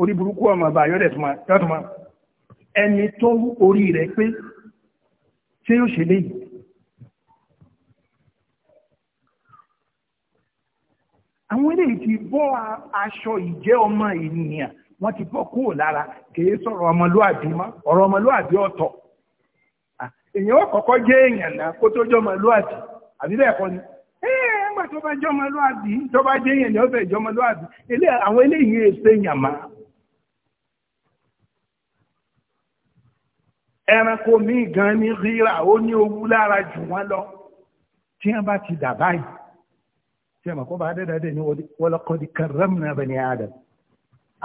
Speaker 1: orí burúkú ọmọ bá yọ́dẹ̀ tó máa ẹni tó orí rẹ̀ pé ṣé yóò ṣe léyìí àwọn eléyìí ti bọ́ aṣọ ìjẹ́ ọmọ ènìyàn wọ́n ti bọ́ kúrò lára kìí sọ̀rọ̀ ọmọlúàbí mọ́ ọ̀rọ̀ ọmọlúàbí ọ̀tọ̀ èèyàn ó kọ́kọ́ jẹ́ èèyàn náà kó tó jọ ọmọlúàbí àbí ni ẹgbà tó bá jọ ọmọlúàbí tó bá jẹ́ èèyàn náà ó fẹ́ jọ ọmọlúàbí àwọn eléyìí èsè yàmá ẹranko míì gan ní rírà ó ní tí a mọ̀ kó bá dẹ́dẹ́dẹ́ ní wọ́lọ́kọ́dí karramna bani adam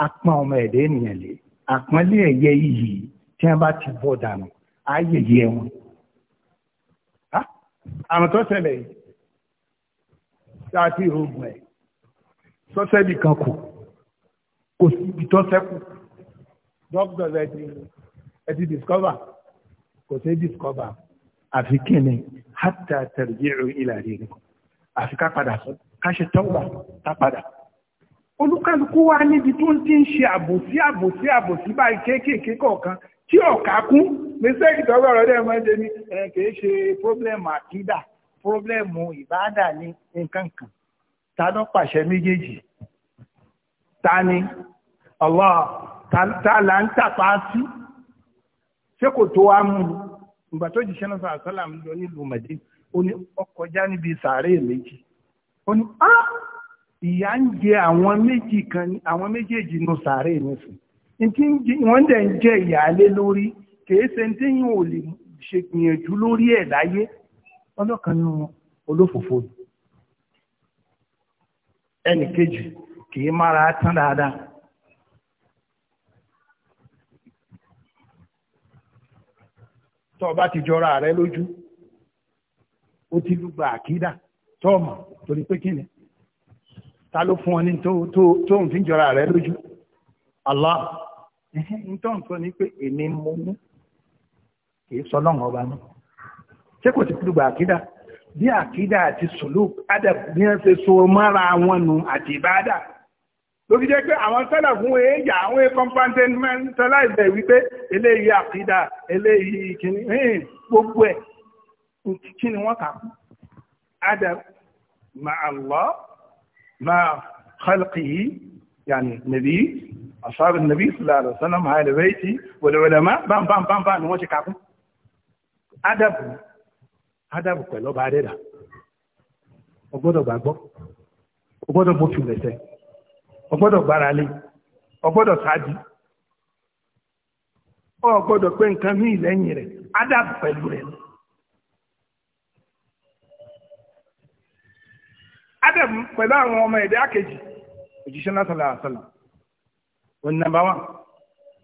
Speaker 1: apọ́n ọmọ ẹ̀dẹ́ ènìyàn lé àpọ́nlé ẹ̀yẹ iyì tí wọ́n bá ti bọ̀ dànù ayẹyẹ wọn. àrùn tó ṣẹlẹ̀ yìí tá a ti rògùn ẹ̀ sọ́sẹ́bì kan kù kò síbi tó ṣẹ́kù dókítà ẹ ti ẹ ti discover kò sí discover àfi kíni hatta tarji'u ila dinikum àfi ká padà sọ́dọ̀ ká ṣe tọ́wà tá padà olúkálukú wa níbi tó ti ń ṣe àbòsí àbòsí àbòsí báyìí kéékèèké kọ̀ọ̀kan tí ọ̀ka kún mistake tọ́gbà ọ̀rọ̀ dẹ́ máa ń ṣe ni kìí ṣe problem àkídà problem ìbáàdà ní nǹkan kan ta ló pàṣẹ méjèèjì ta ni Allah ta là ń tàpá sí ṣé kò tó wá mú un ìgbà tó jíṣẹ́ náà sọ lọ nílùú màdín ó ní ọkọjá níbi sàárè méjì ó ní á ìyá ń jẹ àwọn méjì kan àwọn méjèèjì nù sàárè nísìn wọ́n dẹ̀ ń jẹ ìyáálé lórí kìí ṣe tí yín ò lè ṣe gbìyànjú lórí ẹ̀ láyé ọlọ́kan nínú olófòfò ẹnì kejì kìí mára tán dáadáa. tó o bá ti jọra rẹ lójú ó ti lùgbà àkídà. tọ́ọ̀mà torí pé kí ni ta ló fún ọ ní tó ń fi jọra rẹ lójú Allah nítorí nǹkan ni pé èmi mo ní kì í sọ lọ́hùn ọba ní ṣé kò ti dùgbà àkídà bí àkídà àti sùlùk adab bí wọ́n ṣe so mọ́ra wọn nù àti ìbáadà lórí jẹ́ pé àwọn sẹ́lẹ̀ fún èèyàn àwọn compartmentalize wípé eléyìí àkídà eléyìí kìnnìún gbogbo ẹ̀ kí ni wọ́n kà á مع الله مع خلقه يعني النبي أصحاب النبي صلى الله عليه وسلم أهل بيتي والعلماء بام بام بام بام نواجه كعكم أدب أدب pẹ̀lú ọba adẹ́dà o o o o o Adam pẹ̀lú àwọn ọmọ ẹ̀dá kejì òjíṣẹ́ náà sọ̀rọ̀ àṣọlọ̀ nàmbà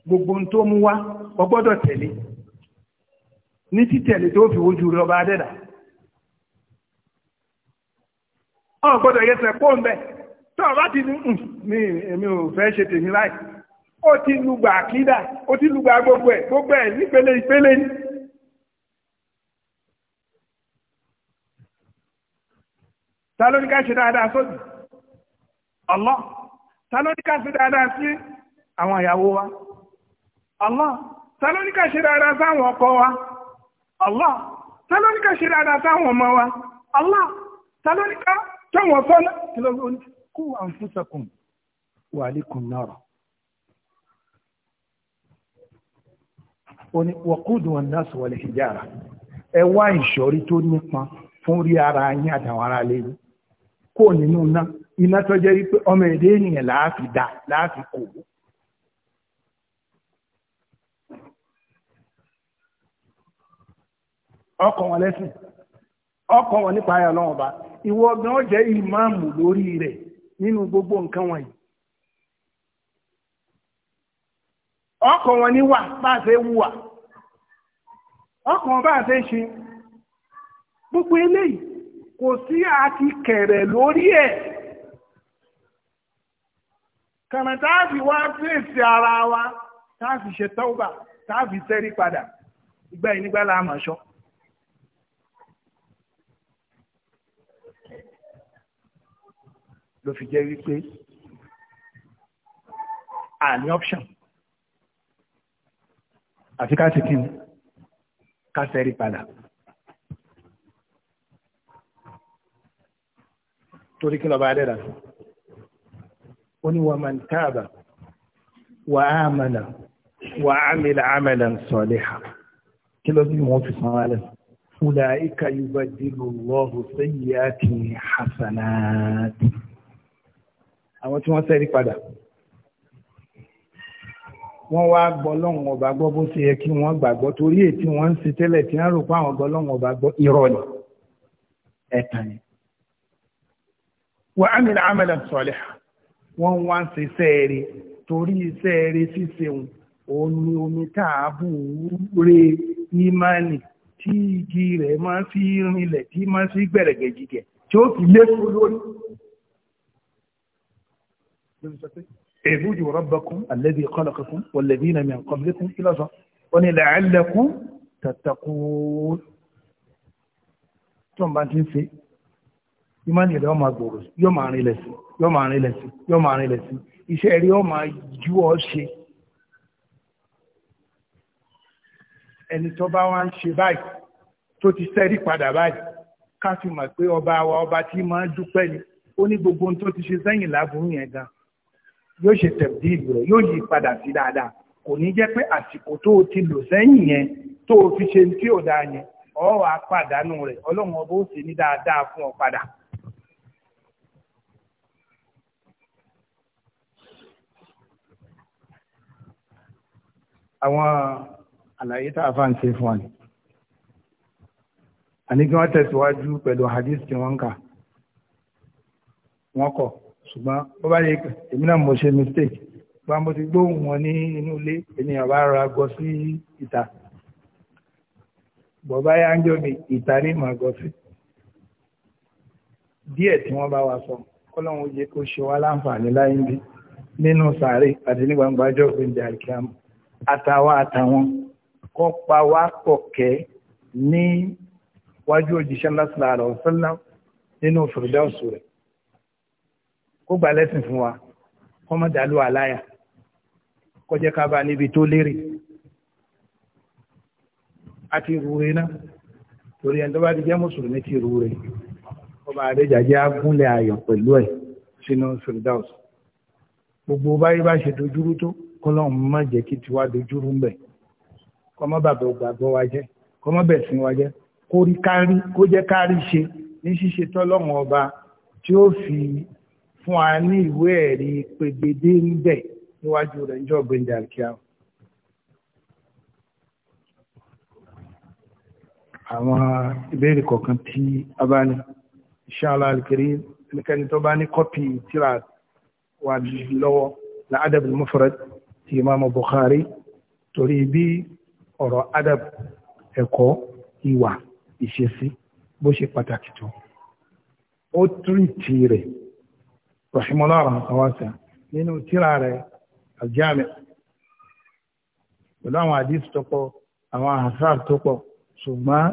Speaker 1: gbogbo ohun tó mú wá ọgbọdọ tẹ̀lé ní tó fi wojú ọ gbọdọ tó o bá ti ní hmm, mi èmi ò fẹ́ ṣe tèmi láì ó ti ta ló ní ká ṣe dáadáa sódì Allah ta ló ní ká ṣe dáadáa sí àwọn ìyàwó wa Allah ta ló ní ká ṣe dáadáa sáwọn ọkọ wa Allah ta ló ní ká ṣe dáadáa sáwọn ọmọ wa Allah ta ló ní ká tọ́wọ̀n sọ́nà kí ló ń kú anfusakum wa alaykum nara. ó ní wọ̀kúdùn ọ̀nàṣù wọlé ìjára ẹ wá ìṣọ́rí tó nípọn fún rí ara yín àtàwọn ará léwu kó nínú iná iná tó jẹ́ wípé ọmọ èdè ènìyàn dá kò ọkọ̀ wọn lẹ́sìn ọkọ̀ wọn nípa ayọ̀ lọ́wọ́ bá ìwọ gan jẹ́ ìmáàmù lórí rẹ̀ nínú gbogbo nǹkan wọ̀nyí. ọkọ̀ wọn bá a kò sí àti kẹ̀rẹ̀ lórí ẹ̀ kàmẹ́tàáfi wá fèsì ara wa táàfi ṣe tọ́wọ́bà táàfi sẹ́rí padà ìgbà yìí nígbà láàmà ṣọ́. ló fi jẹ́ wípé àní option àti ká ti kí ká sẹ́rí padà. torí kí lọ́ba adẹ́dà ó ní wa man taaba wa amana wa amila amalan saliha kí ló bí wọ́n fi san alẹ́ ulaika yubadilu Allahu sayyiati hasanat àwọn tí wọ́n ṣẹ́rí padà wọ́n wá gbọ́ lọ́wọ́n ọba gbọ́ bó ṣe yẹ kí wọ́n gbàgbọ́ torí èyí wọ́n ń ṣe tẹ́lẹ̀ tí wọ́n rò pé àwọn gbọ́ lọ́wọ́n ọba gbọ́ irọ́ ẹ̀tàn ni wà á mi àmàlà sọ̀lẹ̀ wọ́n wá ń ṣe sẹ́ẹ̀rì torí sẹ́ẹ̀rì ṣíṣe òun ni omi tààbù re ìmánì tí igi rẹ̀ máa fi rinlẹ̀ tí máa fi gbẹ̀rẹ̀gẹ̀ jíjẹ tí ó fi lé fún lórí. اعبدوا ربكم الذي خلقكم والذين من قبلكم إلى ظهر ولعلكم تتقون ثم بعد ìmánì rẹ̀ yóò máa gbòòrò yóò máa rinlẹ̀ sí yóò máa rinlẹ̀ sí yóò máa rinlẹ̀ sí iṣẹ́ rí yóò máa ju ọ ṣe ẹni tó bá wá ń ṣe báyìí tó ti sẹ́rí padà báyìí ká fi mọ̀ pé ọba wa ọba tí máa ń dúpẹ́ ni ó ní gbogbo ohun tó ti ṣe sẹ́yìn láburú yẹn gan yóò ṣe tẹ̀bí ìlú rẹ̀ yóò yí padà sí dáadáa kò ní jẹ́ pé àsìkò tó o ti lò sẹ́yìn yẹn tó o fi ṣe tí ò dáa yẹn ọ̀ wá pàdánù rẹ̀ ọlọ́run ọba ó sì ní dáadáa fún ọ padà. àwọn àlàyé tá a fà ń ṣe fún wa ni àní kí wọ́n tẹ̀síwájú pẹ̀lú hadith tí wọ́n kà wọ́n kọ̀ ṣùgbọ́n bó bá yẹ èmi náà mo ṣe mistake bá mo ti gbóhùn wọn ní inú ilé ènìyàn bá ra gọ sí ìta bọ̀bá yá ń jọ mi ìta ní màá gọ sí díẹ̀ tí wọ́n bá wa sọ kọ́lọ́hún yẹ kó ṣe wá láǹfààní láyé bí nínú sàárè àti ní gbangba ọjọ́ ìgbìndì àìkíámù àtàwa àtàwọn kọ́ pa wá pọ̀ kẹ́ ní wájú òjíṣẹ́ lásìlá àrà ọ̀sánlá nínú fìrìdáùsù rẹ̀ kó gbà lẹ́sìn fún wa kọ́ mọ́ dàlú àláyà kọ́ jẹ́ ká bá níbi tó lérè àti ìrúre náà torí ẹni tó bá ti jẹ́ mùsùlùmí ti ìrúre ọba àdéjàjẹ́ agúnlẹ̀ ayọ̀ pẹ̀lú ẹ̀ sínú fìrìdáùsù gbogbo báyìí bá ṣe dojúrú tó kọ́lọ́hún má jẹ́ kí tiwa dojúrú ń bẹ̀ kọ́mọ́ bàbá ògbàgbọ́ wa jẹ́ kọ́mọ́ bẹ̀sìn wa jẹ́ kó rí kárí kó jẹ́ kárí ṣe ní ṣíṣe tọ́lọ́hún ọba tí ó fi fún wa ní ìwé ẹ̀rí pegedé ń bẹ̀ níwájú rẹ̀ ń jọ́ gbẹ̀ndẹ̀ àkíyà. àwọn ìbéèrè kọ̀ọ̀kan tí a bá ní inshallah al ẹnikẹ́ni tó bá ní kọ́pì tíra wà lọ́wọ́ la adab al ti imam Bukhari torí bí ọ̀rọ̀ adab ẹ̀kọ́ ìwà ìṣesí bó ṣe pàtàkì tó ó tírìtì rẹ̀ rahimahullah àtàwàṣà nínú tíra rẹ̀ aljami pẹ̀lú àwọn àdìs tó pọ̀ àwọn àṣàr tó pọ̀ ṣùgbọ́n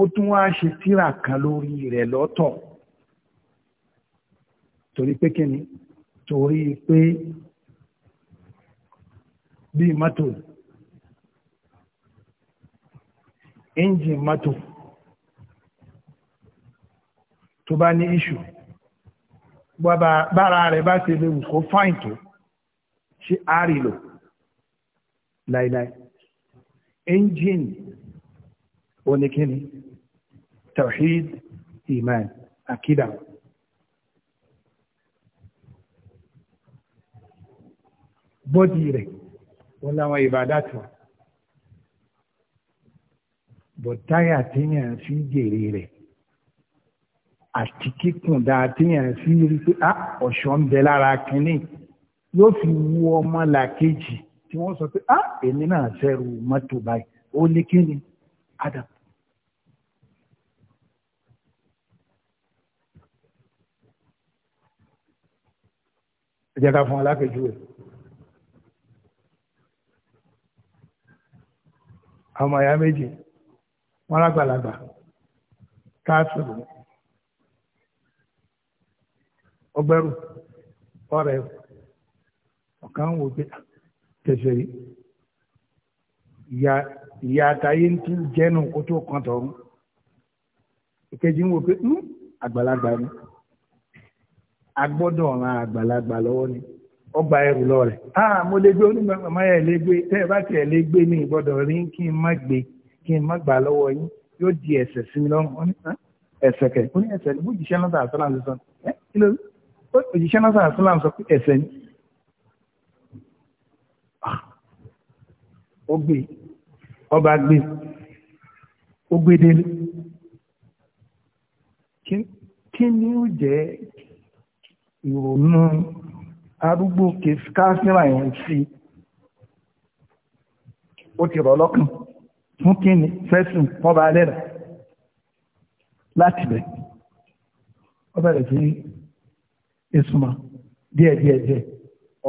Speaker 1: ó tún wá ṣe tíra kan lórí rẹ̀ lọ́tọ̀ torí pé kíni torí pé bíi mọ́tò ẹ́ńjìn mọ́tò tó bá ní iṣu bára rẹ̀ bá ṣe léwu kó fáìn tó ṣe àrìlò láìláì ẹ́ńjìn oníkíní tawhid iman akida bọ́dì rẹ̀ wọn láwọn ìbàdà tó bọ̀ táyà téèyàn fi jèrè rẹ̀ àti kíkùn dáa téèyàn fi rí pé ah, ọ̀ṣọ́ ń bẹ lára kínní yóò fi wú ọmọ làkejì tí wọ́n sọ pé ah èmi náà fẹ́rù mọ́tò báyìí ó ní kí ni jẹ́ ká fún alákejì rẹ̀. ọmọ ìyá méjì wọ́n lágbàlagbà káàtùrù ọgbẹ́rù ọ̀rẹ́ ọ̀kan wò pé ah, tẹ̀sẹ̀ rí ìyá àtàyé tí ń jẹ́nu kó tó kan tọ̀run ìkejì ń wò pé hmm, àgbàlagbà ni a gbọ́dọ̀ ran àgbàlagbà lọ́wọ́ ni ọgbà ẹrù lọ rẹ̀ ah mo lè gbé onímọ̀ màmá ẹ̀ lè gbé tẹ́ ẹ bá tiẹ̀ lè gbé ní ìgbọ́dọ̀ rí kí n má gbé kí n má gbà lọ́wọ́ yín yóò di ẹ̀sẹ̀ sí mi lọ́rùn ó ní ẹ̀sẹ̀ kẹ̀ ó ní ẹ̀sẹ̀ ní bójúṣẹ́ náà sàrà sọ́là sọ ẹ́ kí ló òjíṣẹ́ náà sàrà sọ́là sọ pé ẹ̀sẹ̀ ni ah. ó gbé ọba gbé ó gbé délé kí ni ó jẹ́ ìrònú arúgbó káfíńrà yẹn sí ó ti rọ̀ lọ́kàn fún kíni fẹ́sùn ọba alẹ́rà láti bẹ̀ ọ bẹ̀rẹ̀ sí ìsúnmọ́ díẹ̀díẹ̀díẹ̀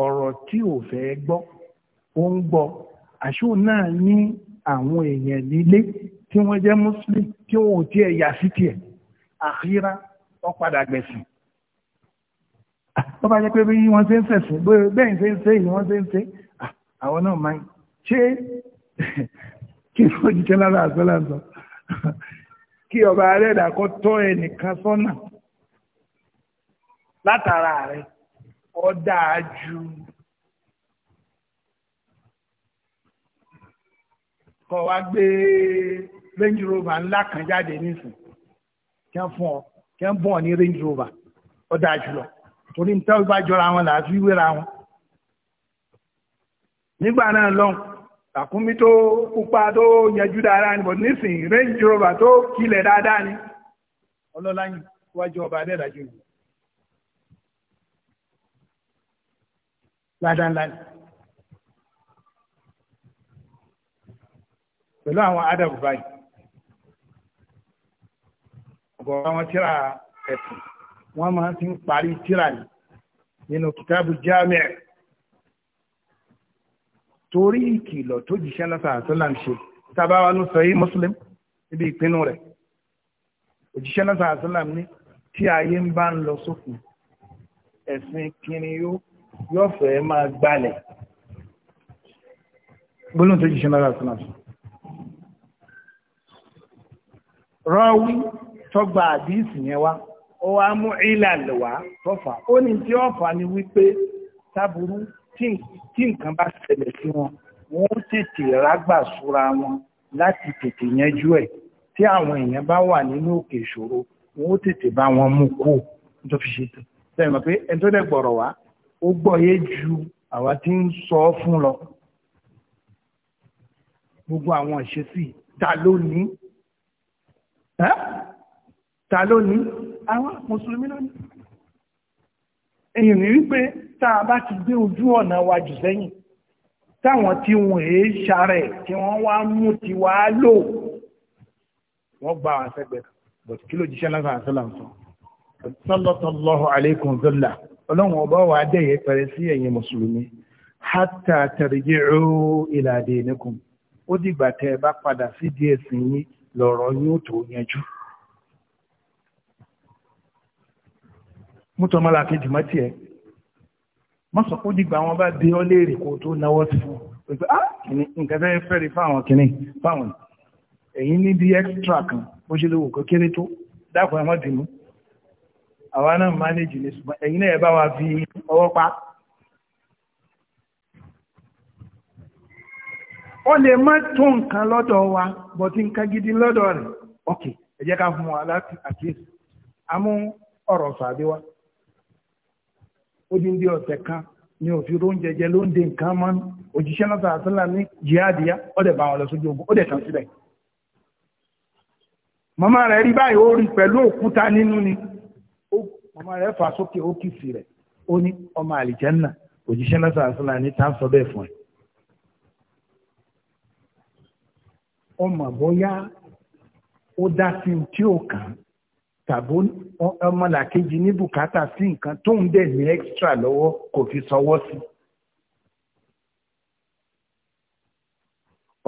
Speaker 1: ọ̀rọ̀ tí ò fẹ́ gbọ́ ó ń gbọ́ àṣù náà ní àwọn èèyàn nílé tí wọ́n jẹ́ muslim tí ó tiẹ̀ yà sí tiẹ̀ àkírá ó gbẹ̀sìn tó bá jẹ́ pé bí wọ́n ṣe ń sẹ̀sìn bẹ́ẹ̀ ṣe ń ṣe yìí wọ́n ṣe ń ṣe àwọn náà máa ń ṣe kí ìfọ̀jíṣẹ́ lára àṣọlá sọ kí ọba arẹ́dà kọ́ tọ́ ẹnìkan sọ́nà látara rẹ̀ ó dáa ju kọ́ wa gbé Range Rover ńlá kan jáde nísìn kí wọ́n fún ọ kí wọ́n bọ̀ ní Range Rover ó dáa jùlọ torí ní tẹ́wọ́ bá jọra wọn là á fi wéra wọn nígbà náà lọ́n ràkúnmí tó pupa tó yanjú dáadáa ni bọ̀ nísìnyí range rover tó kilẹ̀ dáadáa ni ọlọ́lá yìí wájú ọba adẹ́dàjọ́ yìí ládàńlá ni pẹ̀lú àwọn adàbù báyìí ọ̀gọ̀ àwọn tíra ẹ̀sìn wọ́n máa ti ń parí tíra yìí nínú kìtàbù jámẹ́ torí ìkìlọ̀ tó jíṣẹ́ lọ́sà àtọ́làm ṣe tábà wà ló sọ yìí mùsùlùm níbi ìpinnu rẹ̀ òjíṣẹ́ lọ́sà àtọ́làm ní gbalẹ̀ gbólóhùn tó jíṣẹ́ lọ́sà àtọ́làm ṣe. rọ́wí tọ́gbà àdìsí yẹn wá ó wá mú ìlà lọ́wọ́ tọ́fà ó ní tí ó fà ní wípé sábúrú tí nǹkan bá ṣẹlẹ̀ sí wọn wọ́n tètè rágbà súra wọn láti tètè yanjú ẹ̀ tí àwọn èèyàn bá wà nínú òkè ìṣòro wọ́n tètè bá wọn mú kó tó fi ṣe tó sẹ́yìn mọ̀ pé ẹni tó dẹ̀ gbọ̀rọ̀ wá ó gbọ́yé ju àwa tí ń sọ ọ́ fún lọ gbogbo àwọn ìṣesí ta ló ní ta ló ní àwọn mùsùlùmí lónìí èyàn ní wípé tá a bá ti gbé ojú ọ̀nà wa jù sẹ́yìn táwọn tí wọn èé ṣàrẹ̀ tí wọ́n wá mú ti wá lò wọ́n gba àwọn àṣẹgbẹ̀ bọ̀tí kí ló jíṣẹ́ lásán àṣẹlà ń sọ sallallahu alaikum ọlọ́run ọba wa dẹ̀yẹ pẹ̀rẹ̀ sí ẹ̀yin mùsùlùmí hatta tarji'u ila dinikum ó dìgbà tẹ́ ẹ bá padà sí díẹ̀ sí yín lọ̀rọ̀ yóò tó yanjú. mútu ọmọ làkè jùmọ́ tiẹ̀ má sọ pé wọn bá dé ọ léèrè kó tó náwó sí fún un pé ah kìnnì nǹkan fẹ́ fẹ́rẹ̀ fáwọn kìnnì fáwọn èyí ní bí extra kan bó ṣe lè wò kó kéré tó dákun ẹ̀ mọ́ dìmú àwa náà manage ní ṣùgbọ́n náà bá wa fi ọwọ́ pa. ó lè má tó nǹkan lọ́dọ̀ wa bọ̀tí nǹkan gidi lọ́dọ̀ rẹ̀ ok ẹ jẹ́ ká fún wa láti àkíyèsí ọ̀rọ̀ odindi ọ̀sẹ̀ kan ni òfin oúnjẹ jẹ ló ń de nǹkan mọ́ òjíṣẹ́ náà sàásánlá ní jihadiya ó dẹ̀ bá wọn lọ sójú ogun ó dẹ̀ tán síbẹ̀ màmá rẹ̀ rí báyìí ó rí pẹ̀lú òkúta nínú ni màmá rẹ̀ fà sókè ó kìsì rẹ̀ ó ní ọmọ àlìjẹ́nà òjíṣẹ́ náà sàásánlá ní tá à sọ bẹ́ẹ̀ fún ẹ. ọmọ bóyá ó dá sí tí ó kàn án tàbí ọmọlàkejì ní bùkátà sí nǹkan tó ń dẹ̀ ní extra lọ́wọ́ kò fi sọwọ́ sí.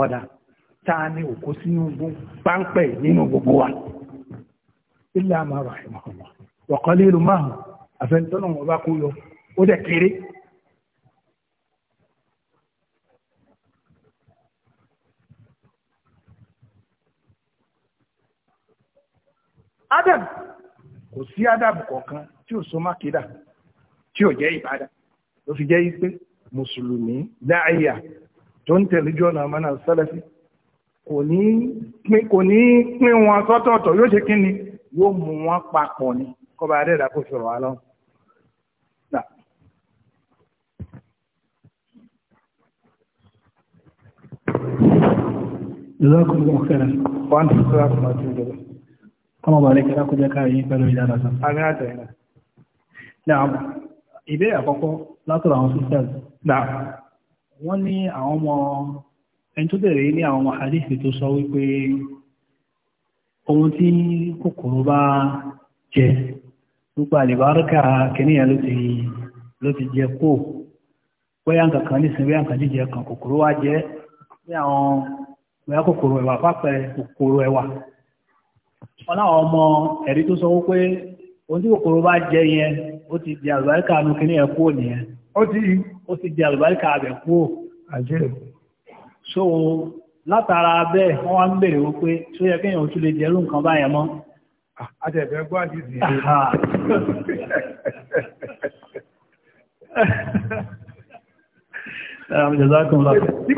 Speaker 1: ọ̀dà tá a ní òkú sínú igbó páńpẹ́ nínú gbogbo wa. ilé àmàrà ìmọ̀kànlá wọ̀kọ́lé ìlú márùn-ún àfẹnitọ́nà wọn bá kú yọ ó dẹ̀ kéré. adam kò sí adam kọ̀ọ̀kan tí ò so mákìdá tí ò jẹ́ ìbádà ló fi jẹ́ pé mùsùlùmí dáìyà tó ń tẹ̀lé jọ́nà àmàna kò ní pín wọn sọ́tọ̀ọ̀tọ̀ yóò ṣe kí ni yóò mú wọn papọ̀ ni kọba adẹ́dà kò sọ̀rọ̀ wa lọ́wọ́. kama ba lẹ́kẹ́ lákó jẹ́ káàrí pẹ̀lú ìdára sọ. Àmín àtẹ̀yìnà. Náà, ìbéèrè àkọ́kọ́ látọ̀rọ̀ àwọn sisters. Náà, wọ́n ní àwọn ọmọ ẹni tó bẹ̀rẹ̀ ní àwọn ọmọ àdéhìí tó sọ wípé ohun tí kòkòrò bá jẹ nípa àlèbárúkà kìnìyàn ló ti ló ti jẹ kó bóyá nǹkan kan nísìnyí bóyá nǹkan jíjẹ kan kòkòrò wá jẹ bí àwọn bóyá kòkòrò ẹ̀wà pápẹ́ kòkòrò ẹ̀wà wọn láwọn ọmọ ẹ̀rí tó sọ wípé ohun tí kòkòrò bá jẹ yẹn ó ti di àlùbáríkà nu kí ní ẹ̀ kúrò nìyẹn ó ti ó ti di àlùbáríkà abẹ̀ kúrò. so látara bẹ́ẹ̀ wọ́n wá ń bèrè wípé tó yẹ kéèyàn tún lè jẹ́rú nǹkan báyẹn ah,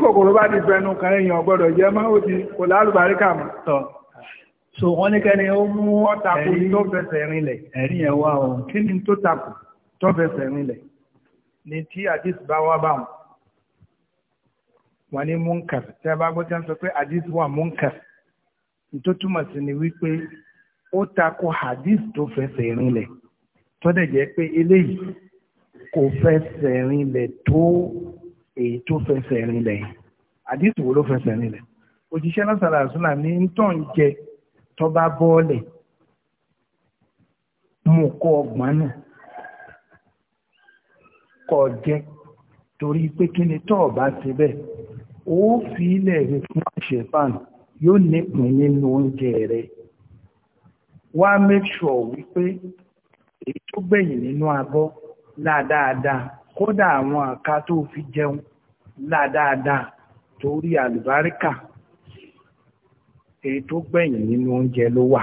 Speaker 1: kòkòrò bá fẹnu kan èèyàn gbọ́dọ̀ jẹ́ máa kò lálùbáríkà mọ́. so wọ́n ní kẹ́ni ó mú ọ́tàkù tó fẹsẹ̀ rinlẹ̀ ẹ̀rí ẹ̀ wá ohun kí ni tó takù tó fẹsẹ̀ rinlẹ̀ ni tí àdìs bá wá bá wọn wọn ní munkar tí a bá gbọ́ tí wọ́n sọ pé àdìs wà munkar tó túmọ̀ sí ni wípé ó takò hadith tó fẹsẹ̀ rinlẹ̀ tọ́dẹ̀ jẹ́ pé eléyìí kò fẹsẹ̀ rinlẹ̀ tó èyí tó fẹsẹ̀ rinlẹ̀ hadith wo ló fẹsẹ̀ rinlẹ̀ òjíṣẹ́ náà sàlàsùnà ní ń tàn jẹ́ tó bá bọ́ọ̀lẹ̀ mú kọ́ ọgbọ́n náà kọ́ jẹ́ torí pé kí ni tọ́ ọ̀bá ti bẹ́ẹ̀ ó fi ilẹ̀ rẹ̀ fún àṣẹ̀fàn yóò nípìn nínú oúnjẹ rẹ̀ wá make sure wípé èyí tó gbẹ̀yìn nínú abọ́ ládáadáa kódà àwọn àká tó fi jẹun ládáadáa torí àlùbáríkà èyí tó gbẹ̀yìn nínú oúnjẹ ló wà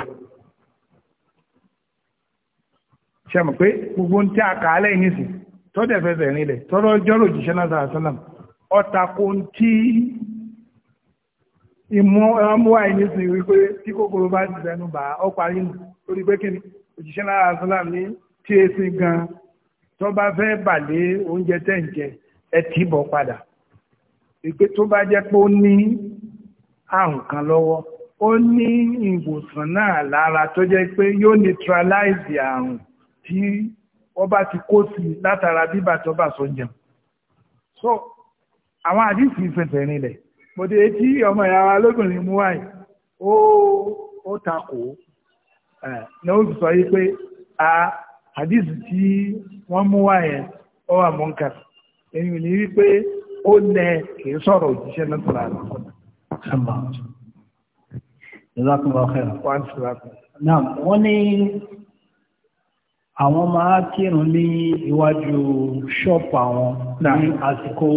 Speaker 1: ṣe mọ̀ pé gbogbo ń tẹ́ àkàálẹ̀ nísìn tọ́dẹ̀ fẹsẹ̀ rinlẹ̀ tọ́rọ jọ́rò jíṣẹ́ náà sàásánàm ọ̀tàkó tí ìmọ̀ ọmọwà nísìn wípé tí kòkòrò bá ti fẹnu bà ọ́ parí nù lórí pé kíni òjíṣẹ́ náà sàásánàm ní tí esin gan tó bá fẹ́ bàlé oúnjẹ tẹ̀ǹjẹ ẹ tì bọ̀ padà ìpè tó bá jẹ́ pé ó ní àrùn kan lọ́wọ́ ó ní ìwòsàn náà lára tó jẹ́ pé yóò neutralize àrùn tí wọ́n bá ti kó sí látara bíbà tó bá so jẹun. so àwọn àdìsí fẹsẹ̀ rinlẹ̀ bòde tí ọmọ ìyá wa lóbìnrin mú wáyé ó ó takò ẹ̀ ní ó sọ yí pé a àdìsí tí wọ́n mú wáyé ó wà mọ́ńkà èyí ni wípé ó lẹ kì í sọ̀rọ̀ òjíṣẹ́ náà tó rà lọ́kọ̀ọ́. Jazakumullahu khairan. Wọ́n ti wá kù. Náà wọ́n ní àwọn máa kírun ní iwájú ṣọ́ọ̀pù àwọn ní àsìkò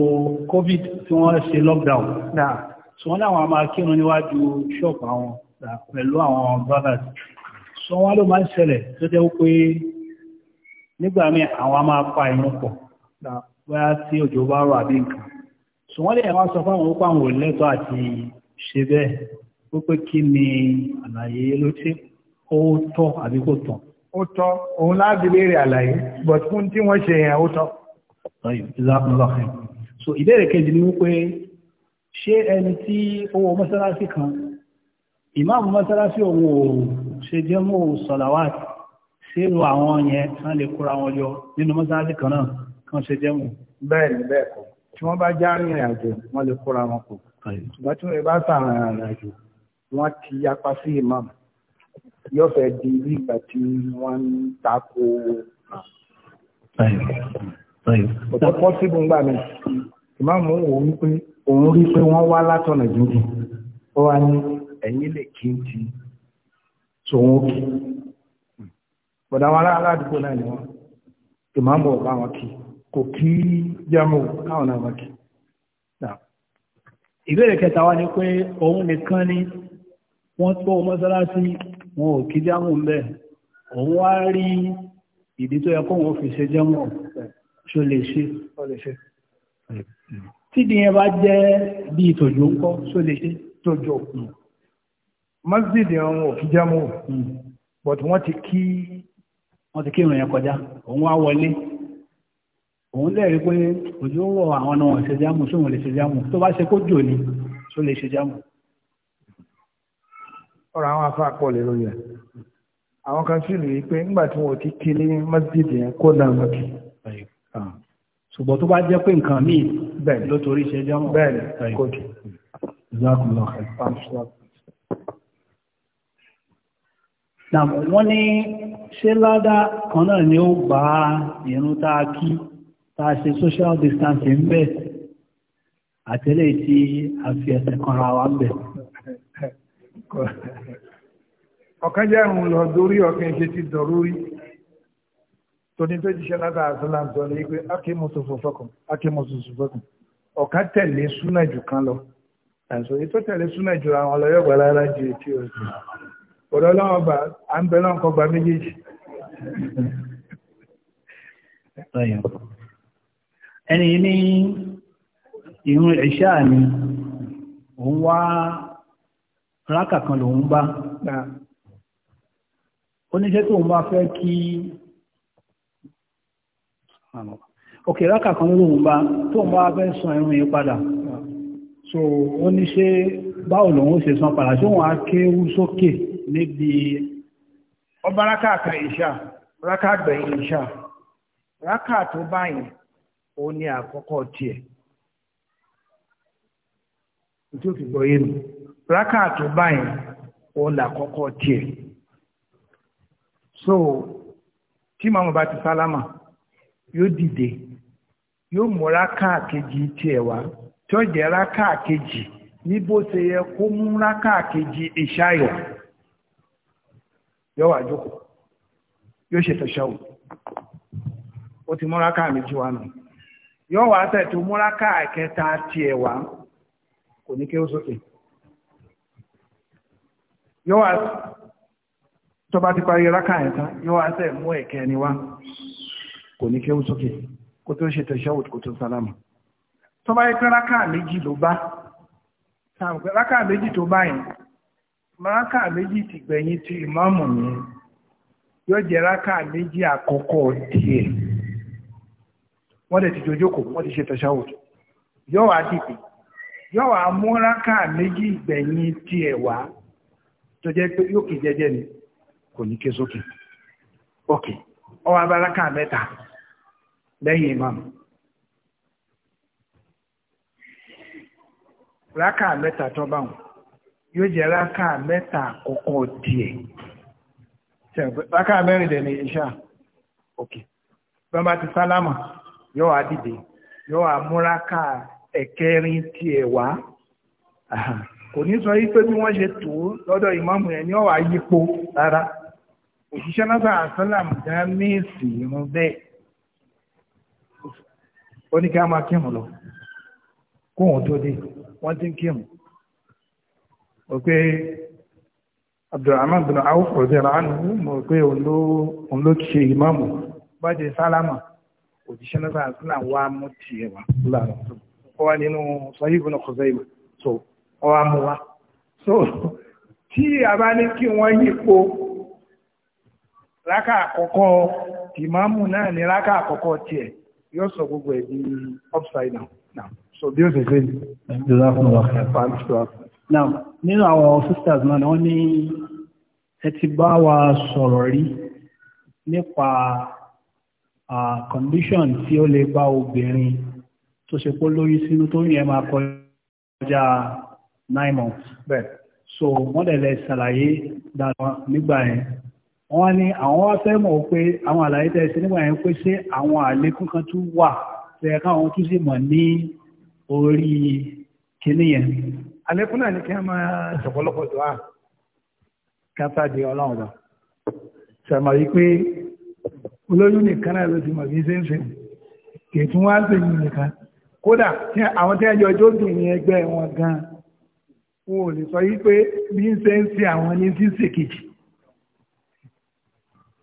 Speaker 1: COVID tí wọ́n ṣe lockdown. Náà. So wọ́n láwọn máa kírun níwájú ṣọ́ọ̀pù àwọn pẹ̀lú àwọn brothers. So wọ́n ló máa ń ṣẹlẹ̀ tó jẹ́ pé nígbà míì àwọn máa pa ìrun pọ̀. Bóyá tí òjò bá rọ̀ àbí nǹkan. So wọ́n lè wá sọ fáwọn ó pàwọn ò lẹ́tọ̀ọ́ àti ṣe bẹ́ẹ̀ wípé kí ni àlàyé ló tí ó tọ́ àbí kò tọ́. ó tọ́ òun láti béèrè àlàyé but fún tí wọ́n ṣe yẹn ó tọ́. so ìbéèrè kejì ni wípé ṣé ẹni tí owó mọ́sálásí kan ìmáàmù mọ́sálásí òun ò ṣe jẹ́ mọ́ sọ̀làwàtì sínú àwọn yẹn tán lè kóra wọn yọ nínú mọ́sálásí kan náà kan ṣe jẹ́ mọ́. bẹ́ẹ̀ ni bẹ́ẹ̀ kọ́ tí wọ́n bá já rìnrìn àjò wọ́n lè kóra wọn kù ṣùgbọ́n tí wọ́n bá sàrìn àjò wọ́n ti yapa sí imam yóò fẹ́ di ìgbà tí wọ́n ń tako ọ̀tọ̀ pọ́sibú ńgbà mi imam wò wípé òun rí pé wọ́n wá látọ̀nà jíjìn ó wá ní ẹ̀yìn lè kí n ti tòun kí bọ̀dá wọn aládùúgbò náà ni wọ́n imam ò bá wọn kí kò kí jámù káwọn náà wọn kí ìbéèrè kẹta wá ní pé òun nìkan ni wọ́n tó mọ́sálásí wọn ò kí jámù mẹ́ òun wá rí ìdí tó yẹ kó wọ́n fi ṣe jámù ṣo lè ṣe tídì yẹn bá jẹ́ bí ìtòjò ń kọ́ ṣo lè ṣe tòjò masjid wọn ò kí jámù hmm. but wọ́n ti kí wọ́n ti kí ìrìn yẹn kọjá òun wá wọlé òun lẹ́rìí pé òjò rọ̀ àwọn ọ̀nà ṣe jámù ṣóun lè ṣe jámù tó bá ṣe kó jò ní ṣó lè ṣe jámù ọ̀rọ̀ àwọn afá pọ̀ lè lórí ẹ̀ àwọn kan sì rí i pé nígbà tí wọn ò ti kí ní masjid yẹn kó náà mọ́kì. Ah. ṣùgbọ́n tó bá jẹ́ pé nǹkan míì bẹ́ẹ̀ ló torí ṣe jẹ́ mọ́. bẹ́ẹ̀ kò kì wọ́n ní ṣé ládàá kan náà ni ó gbà á ìrun tá a kí tá a ṣe social distancing ń bẹ̀ àtẹ́lẹ̀ tí a fi ẹsẹ̀ kanra wa ń bẹ̀. ọ̀kan jẹ́ lọ dórí ọ̀kan ṣe ti dọ̀rúrí tóní tó jíṣẹ́ láta àṣìláàmù ní pé akémọ́sọ fọ́fọ́kùn fọ́fọ́kùn tẹ̀lé súnà kan lọ ẹ̀sọ́ èyí tó tẹ̀lé súnà jù àwọn ọlọ́yọ̀ lára ju etí ọ̀sẹ̀ ọlọ́wọ́ rákà kan lòun bá gbà oníṣẹ́ tóun bá fẹ́ kí ok rákà kan lòun bá tóun bá fẹ́ san ẹ̀rùn yìí padà so oníṣẹ́ báwo lòun ó ṣe san padà tí wọ́n á kéwú sókè níbi ọba rákà kan ìṣà rákà gbẹ̀yìn ìṣà rákà tó báyìí ó ní àkọ́kọ́ tiẹ̀ tí ó fi gbọ́ yé mi. rákà tó báyìí ó làkọ́kọ́ tiẹ̀ so tí màmá bá ti sálámà yóò dìde yóò mú rákà keji tie wa tí ó jẹ́ rákà keji ní bó ṣe yẹ kó mú rákà keji ìṣáyọ̀ yóò wá jókòó yóò ṣe tẹ̀ṣẹ́wò ó ti mú rákà méjì wá nù yóò wá tẹ̀ tó mú rákà kẹta tiẹ̀ wá kò ní kí ó sókè. So yóò wá tó bá ti parí rákà yẹn tán yóò wá sẹ́ mú ẹ̀kẹ́ ni wá kò ní kéwú sókè kó tó ṣe tẹ̀síọ́wò kó tó sálámà tó bá yẹ pé rákà méjì ló bá rákà méjì tó bá yẹn rákà méjì ti gbẹ̀yìn ti ìmáàmù yẹn yóò jẹ́ rákà méjì àkọ́kọ́ tiẹ̀ wọ́n dẹ̀ ti jòjókòó wọ́n ti ṣe tẹ̀síọ́wò yóò wá dìde yóò wá mú rákà méjì gbẹ̀yìn tiẹ̀ wá tó jẹ́ pé yóò kì jẹ́jẹ́ ni kò ní ké sókè ok ọwọ́ abalaka mẹ́ta lẹ́yìn imam raka mẹ́ta tó bá wọn yóò jẹ́ raka mẹ́ta àkọ́kọ́ díẹ̀ raka mẹ́rin dẹ̀ ní ìṣá ok bí wọ́n bá ti sálámà yóò wá dìde yóò wá mú raka tiẹ̀ wá kò ní sọ yí pé bí wọ́n ṣe tó lọ́dọ̀ ìmáàmù yẹn ní ọ̀wà yípo rárá òṣìṣẹ́ náà àṣálàm dá míìsì irun bẹ́ẹ̀ ó ní kí a máa kírun lọ kóhun tó dé wọ́n ti ń kírun ó pé Abdulrahman bin Awf radiyallahu anhu mọ̀ pé òun ló ṣe ìmáàmù bá ṣe sálámà òṣìṣẹ́ náà àṣálàm wá mú tiẹ̀ wá lára ó wà nínú sahih ibn Khuzaimah so ọwọ́ mú wa so tí a bá ní kí wọ́n yípo rákà àkọ́kọ́ tìmáàmù náà ní rákà àkọ́kọ́ tiẹ̀ yóò sọ gbogbo ẹ̀ di upside down now so bí ó ṣe ṣe now nínú àwọn sisters náà ni wọ́n ní ẹ bá wa sọ̀rọ̀ rí nípa condition tí ó lè bá obìnrin tó ṣe pó lórí sínú tó yẹn máa kọjá nine months bẹ́ẹ̀ so wọ́n dẹ̀ lẹ ṣàlàyé dáadáa nígbà yẹn wọ́n ní àwọn wá fẹ́ mọ̀ pé àwọn àlàyé tẹ̀ ṣe nígbà yẹn pé ṣé àwọn àlékún kan tún wà tẹ̀ káwọn tún sì mọ̀ ní orí kìíní yẹn. àlékún náà ni kí wọ́n máa ṣọ̀pọ̀lọpọ̀ tó wà kápá di ọlọ́run lọ ṣàmọ̀ yìí pé olóyún nìkan náà ló ti mọ̀ bí ṣe ń ṣe kì í tún wá ń ṣèyí nìkan kódà àwọn tí wọ́n jọ jókòó ní ẹgbẹ́ wọn gan wọn ò lè sọ yí pé bí ń ṣe ń ṣe àwọn ní ṣíṣe kejì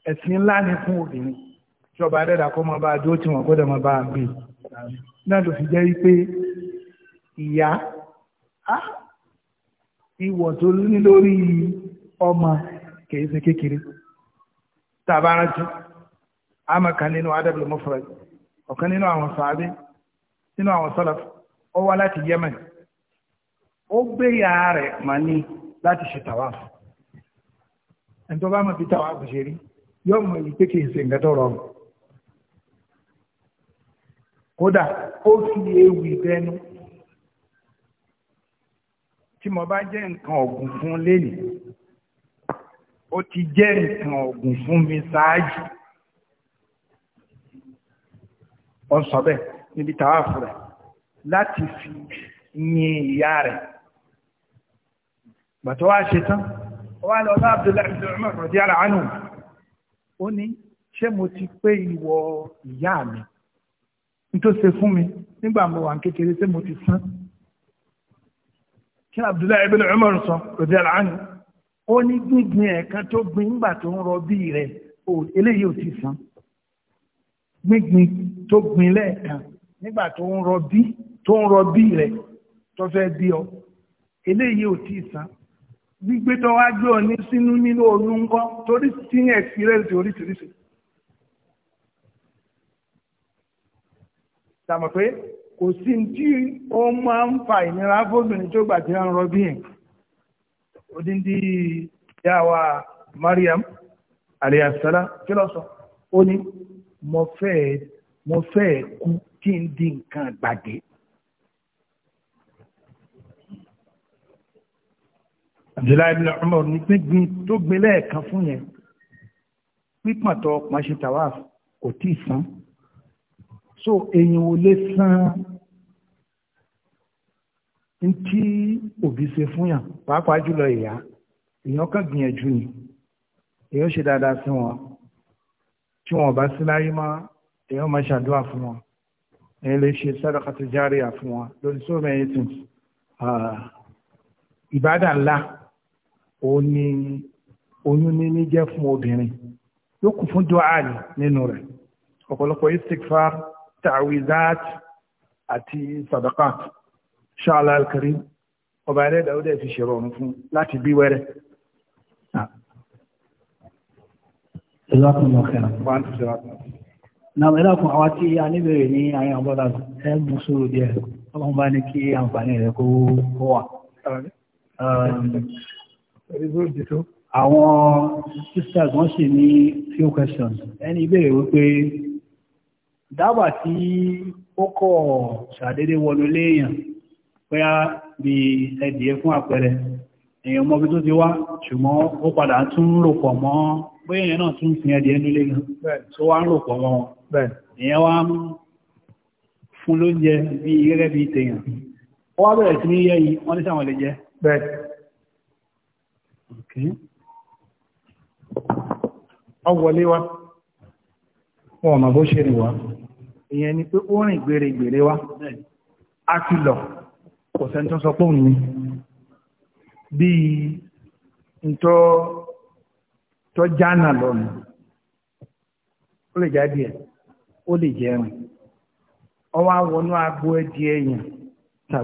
Speaker 1: ẹ̀sìn ńlá ni fún obìnrin ìjọba adẹ́dà kọ́ máa bá a dúró tí wọ́n gbọ́dọ̀ máa bá a gbé náà ló fi jẹ́ wípé ìyá ìwọ̀ tó ní lórí ọmọ kìí ṣe kékeré tàbá rántí àmọ́ kan nínú adébùlẹ̀ mọ́fọ́rẹ́ ọ̀kan nínú àwọn sàádé nínú àwọn sọ́lá ó wá láti Yemen ó gbé yàrá rẹ̀ mà ní láti ṣe tàwáàfù ẹni tó bá mọ̀ bí tàwáàfù ṣe rí yóò mọ̀ èyí pé kì í ṣe nǹkan tó rọrùn kódà ó fi ewì bẹnu tí mo bá jẹ́ nǹkan ọ̀gùn fún lénìí ó ti jẹ́ nǹkan ọ̀gùn fún mi ṣáájú ó sọ bẹ́ẹ̀ níbi tàwáàfù rẹ̀ láti fi yin ìyá rẹ̀ bàtọ́ wá ṣe tán wá lọ bá Abdullahi ibn Umar radiyallahu anhu ó ní ṣé mo ti pé ìwọ ìyá mi nítorí ṣe fún mi nígbà mo wà ní kékeré ṣé mo ti san kí Abdullahi ibn Umar sọ radiyallahu anhu ó ní gbígbin ẹ̀ẹ̀kan tó gbin ńgbà tó ń rọbí rẹ̀ eléyìí ò ti san gbígbin tó gbin lẹ́ẹ̀kan nígbà tó ń rọbí tó rẹ̀ tó bí ọ eléyìí ò ti san gbígbé tó wá gbé ọní sínú nínú oyún ńkọ́ torí tí ní ẹ̀sìrẹ́ǹsì oríṣiríṣi. sàmọ̀ pé kò sí tí ó máa ń fa ìnira fóbìnrin tó gbà tí wọ́n ń rọbí yẹn odindi yàwá Mariam aliyasala kí ló sọ ó ní mo fẹ́ mo fẹ́ kú kí n di nǹkan gbàgbé. Abdullahi ibn Umar ní gbígbin tó gbin lẹ́ẹ̀kan fún yẹn pípọ̀n tó pọ̀n tawaf kò tí ì san so èyàn ò lè san n tí òbí ṣe fún yàn pàápàá jùlọ ìyá èyàn kan gbìyànjú ni èyàn ṣe dáadáa sí wọn tí wọn bá sí láyé mọ́ èyàn máa ṣàdúrà fún wọn èyàn lè ṣe sadaqatu jariya fún wọn lórí so many things ah, ìbádà ńlá òun ni oyún níní jẹ́ fún obìnrin yóò kún fún dua ni nínú rẹ̀ ọ̀pọ̀lọpọ̀ istikfar ta'wizat àti sadaqat ṣáàlá alkarim ọba ẹ̀rẹ́ dàúdà fi ṣèrọ̀rùn fún láti bí wẹ́rẹ́ ìlọ́kùn lọ́kẹ̀rẹ̀ náà ìlọ́kùn àwọn tí a níbẹ̀rẹ̀ ní àyàn bọ́dà ẹgbùn sórò díẹ̀ ọlọ́run bá ní kí àǹfààní rẹ̀ kó wà àwọn sisters wọ́n sì ní few questions ẹni ìbéèrè wípé dábàá tí ó kọ̀ ṣàdédé wọnú léèyàn bóyá bí ẹdìyẹ fún àpẹẹrẹ èèyàn mọ́bí tó ti wá ṣùgbọ́n ó padà tún ń ròpọ̀ mọ́ bóyá èèyàn náà tún fi ẹdìyẹ nílé gan tó wá ń ròpọ̀ mọ́ wọn èèyàn wá ń fún lóúnjẹ bí gẹ́gẹ́ bí tèèyàn ó wá bẹ̀rẹ̀ sí ní yẹ́yìn wọ́n ní sáwọn lè jẹ́ bẹ́ẹ̀ okay ọwọlé wa wọn bó ṣe rìn wa ìyẹn ni pé ó rìn gbèrègbèrè wá a ti lọ kò sẹ́ni tó sọ pé òun ni bíi ntọ́ tọ́ jánà lọ́nà ó lè jáde ẹ̀ ó lè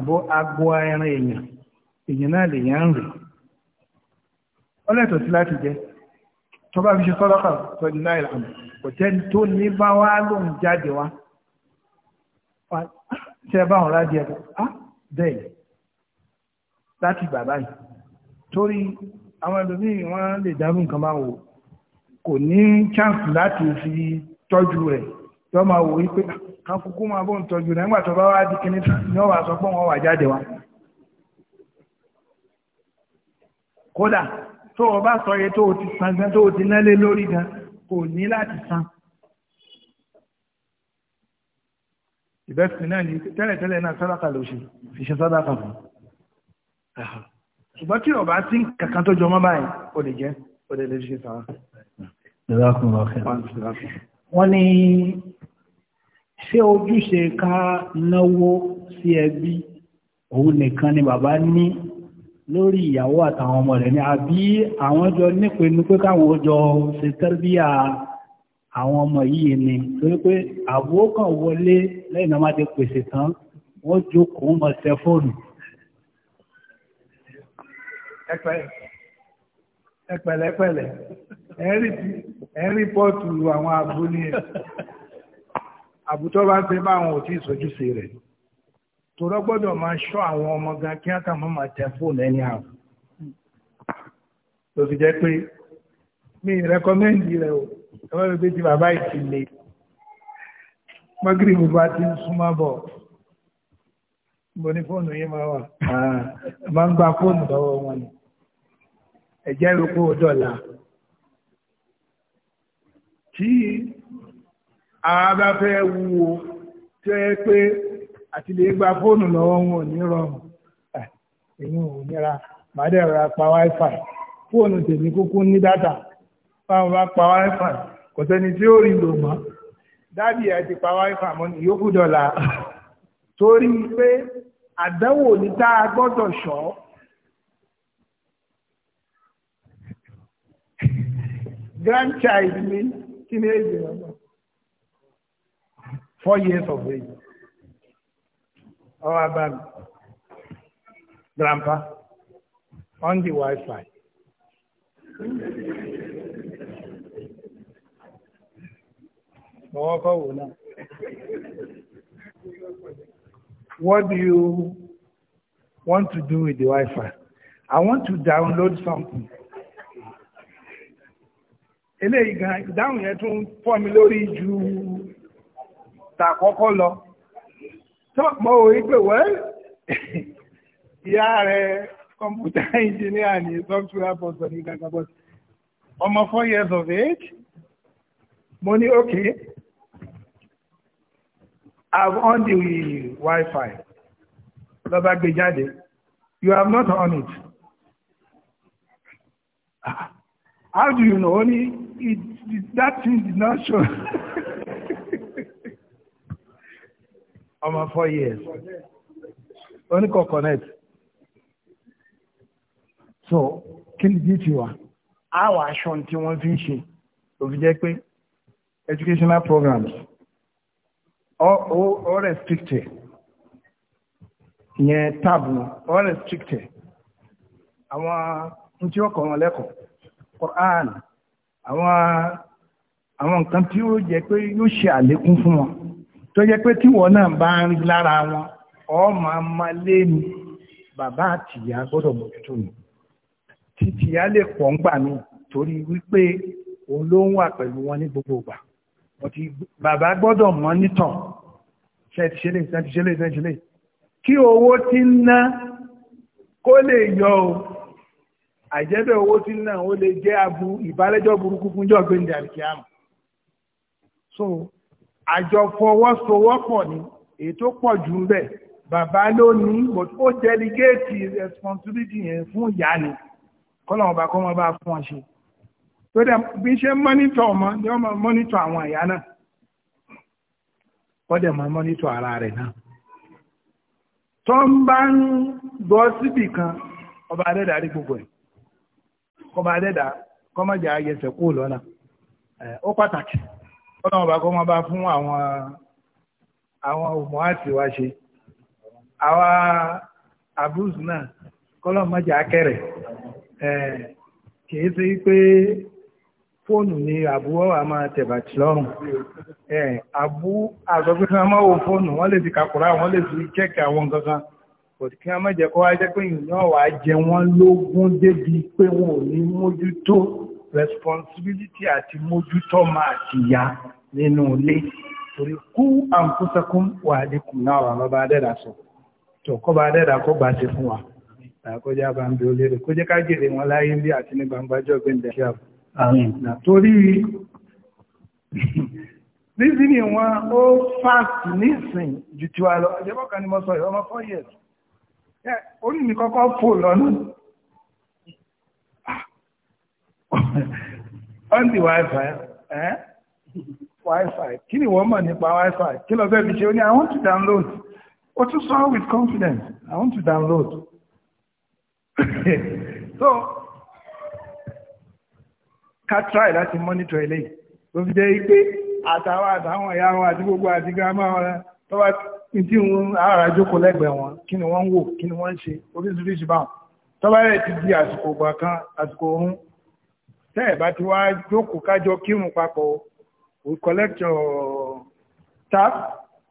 Speaker 1: ọwọ́ ẹran ọlẹ́tọ̀ sí láti jẹ́ tó bá fi ṣe sọ́dọ́kà tọ́jú náà ìlànà kò jẹ́ tó ní bá wá lóun jáde wá tẹ́ bá wọn rájẹ á bẹ́ẹ̀ láti bàbá yìí torí àwọn ẹlòmíì wọn lè dárú nǹkan máa wò kò ní chance láti fi tọ́jú rẹ̀ yọ máa wò wípé ah, kankukú máa bọ́ ń tọ́jú rẹ̀ nígbà tó bá wá di kíní ni wọ́n wà sọ pé wọ́n wà jáde wá. kódà tó o bá sọ iye tó o ti san gan tó o ti nálé lórí gan kò ní láti san. ìbẹ́sìn náà ni tẹ́lẹ̀tẹ́lẹ̀ náà sàdákà ló ṣe fi ṣe sàdákà fún ṣùgbọ́n tí ọba tí kankan tó jọmọ́ báyìí ó lè jẹ́ ó lè lè ṣe sàrà. wọ́n ní ṣé ojúṣe ká náwó sí ẹbí òun nìkan ni bàbá ní lórí ìyàwó àtàwọn ọmọ rẹ̀ ni àbí àwọn jọ nípinnu pé káwọn jọ ṣe tẹ́rbíà àwọn ọmọ yìí ni torí pé àbúrò kan wọlé lẹ́yìn náà má ti pèsè tán wọ́n jókòó mọ̀ sẹ fóònù. ẹ̀pẹ̀lẹ̀pẹ̀lẹ̀ ẹ̀rí pọ́ọ̀tù àwọn àbúrò ní àbútọ́ bá ń ṣe bá àwọn òtí ìsọjúṣe rẹ̀ tòrọ gbọ́dọ̀ máa ṣọ́ àwọn ọmọ gan kí á kàmọ́ máa tẹ fóònù ẹni àrùn tó fi jẹ́ pé mi rẹ́kọ́mẹ́ndì rẹ̀ o ẹwọ́n mi pé ti bàbá ìtìlẹ̀ mọ́gìrì bùbá ti ń súnmọ́ bọ̀ mo ní fóònù yìí máa wà ah, máa ń gba fóònù lọ́wọ́ wọn ni ẹ̀jẹ̀ rúkú dọ̀là tí a bá fẹ́ wúwo tó pé àti lè gba fóònù lọ́wọ́ wọn ò ní rọrùn eh, èyí ò nira màdé rà pa wifi fóònù tèmi kúkú ní dátà báwọn bá pa wifi kò sẹ́ni tí ó rí lò mọ́ dábì ẹ ti pa wifi mọ́ ní yókù dọ́là torí pé àdánwò ní tá a gbọ́dọ̀ ṣọ́ grandchild mi kí ni èdè ọmọ four years of age ọwọ́ abami grandpa on the wifi. Mọ̀wọ́ kọ́ wò náà. What do you want to do with the wifi? I want to download something. Eléyìí gan, ìdáhùn yẹn tún fọ́ mi lórí ju tàkọ́kọ́ lọ tó mọ́ orí pé wẹ́l ìyá rẹ̀ kọmpútà ìjìnìyà ní software person ní gàgàbọ̀ ọmọ four years of age mo ní òkè I've on the Wi-Fi lọ́ba gbé jáde you have not on it ah, how do you know only it, it, that thing did not show. ọmọ four years oníkọ̀ connect so kí ni bí ti wà àwọn aṣọ tí wọ́n fi ń ṣe òfin jẹ́ pé educational programs all restricted ìyẹn táàbù all restricted àwọn tí ó kọ̀ wọn lẹ́kọ̀ọ́ Quran àwọn àwọn nǹkan tí ó jẹ́ pé yóò ṣe àlékún fún wọn tó jẹ́ pé tí wọ́n náà bá ń rí lára wọn ọmọ amalé ni bàbá àtìyá gbọ́dọ̀ mójútó ni títìyá lè pọ̀ ń gbà mí torí wípé òun ló ń wà pẹ̀lú wọn ní gbogbo ìgbà ọtí bàbá gbọ́dọ̀ mọ́ nítàn ṣẹ́tìṣẹ́lẹ̀ ṣẹ́tìṣẹ́lẹ̀ ṣẹ́tìṣẹ́lẹ̀ kí owó tí ń ná kó lè yọ o àìjẹ́bẹ̀ owó tí ń ná ó lè jẹ́ abu ìbálẹ́jọ́ burúkú fúnjọ́ gbẹ̀ndẹ̀ àríkíámù so àjọ fọwọ́sowọ́pọ̀ ni èyí tó pọ̀ jù ń bẹ̀ bàbá ló ní but ó delegate responsibility yẹn fún ìyá ni kọ́lọ́mù bá kọ́mọ bá fún ọ ṣe tó dẹ̀ bí ṣe mọ́nítọ̀ ọmọ ni wọ́n máa mọ́nítọ̀ àwọn ìyá náà wọ́n dẹ̀ máa mọ́nítọ̀ ara rẹ̀ náà tó ń bá ń gbọ́ síbì kan ọba adẹ́dà rí gbogbo ẹ̀ kọba adẹ́dà kọ́mọ̀jà ayẹsẹ̀ kúrò lọ́nà ó pàtàkì ọlọ́run ọba kọ́ máa bá fún àwọn àwọn òmùọ́ àti wa ṣe àwa abúz náà kọ́lọ́ mọ́jà akẹ́rẹ̀ kìí ṣe pé fóònù ni àbúrò wa máa tẹ̀bàtì lọ́rùn àbú àsọpé kí wọ́n máa wo fóònù wọ́n lè fi kàkùrà wọ́n lè fi chẹ́ẹ̀kì àwọn nǹkan kan kò kí wọ́n má jẹ́ kó wá jẹ́ pé ìyàn wàá jẹ wọ́n lógún débi pé wọn ò ní mójútó responsibility àti mójútó máa ti ya nínú ilé torí kú àǹkúsẹ́kún wà dínkùn náà wà lọ́ba adẹ́dà sọ tó kọ́ba adẹ́dà kó gbà ṣe fún wa àkójá bá ń bí ó kó jẹ́ ká jèrè wọn láyé bí àti ní gbangba gbẹ̀ndẹ̀ ṣe àbò torí rízìnì wọn ó fast nísìn ju tiwa lọ ìjọba kan ni mo sọ ìwọ́n mọ́ four years orí mi kọ́kọ́ fò lọ́nà ọ́n ti wi-fi ẹ́ wi-fi kí ni wọ́n mọ̀ nípa wi-fi kí lọ fẹ́ fi ṣe ó ní i want to download ó tún sọ with confidence i want to download so ká try láti monitor eléyìí ló fi jẹ́ pé àtàwọn àtàwọn ẹ̀yà wọn àti gbogbo àti gírámà wọn tọ́wọ́ tí ń ara jókòó lẹ́gbẹ̀ẹ́ wọn kí ni wọ́n ń wò kí ni wọ́n ń ṣe oríṣiríṣi báwọn tọ́wọ́ rẹ̀ ti di àsìkò ìgbà kan àsìkò oorun tẹ́ ẹ̀ bá ti wá jókòó kájọ kírun papọ̀ we collect your tax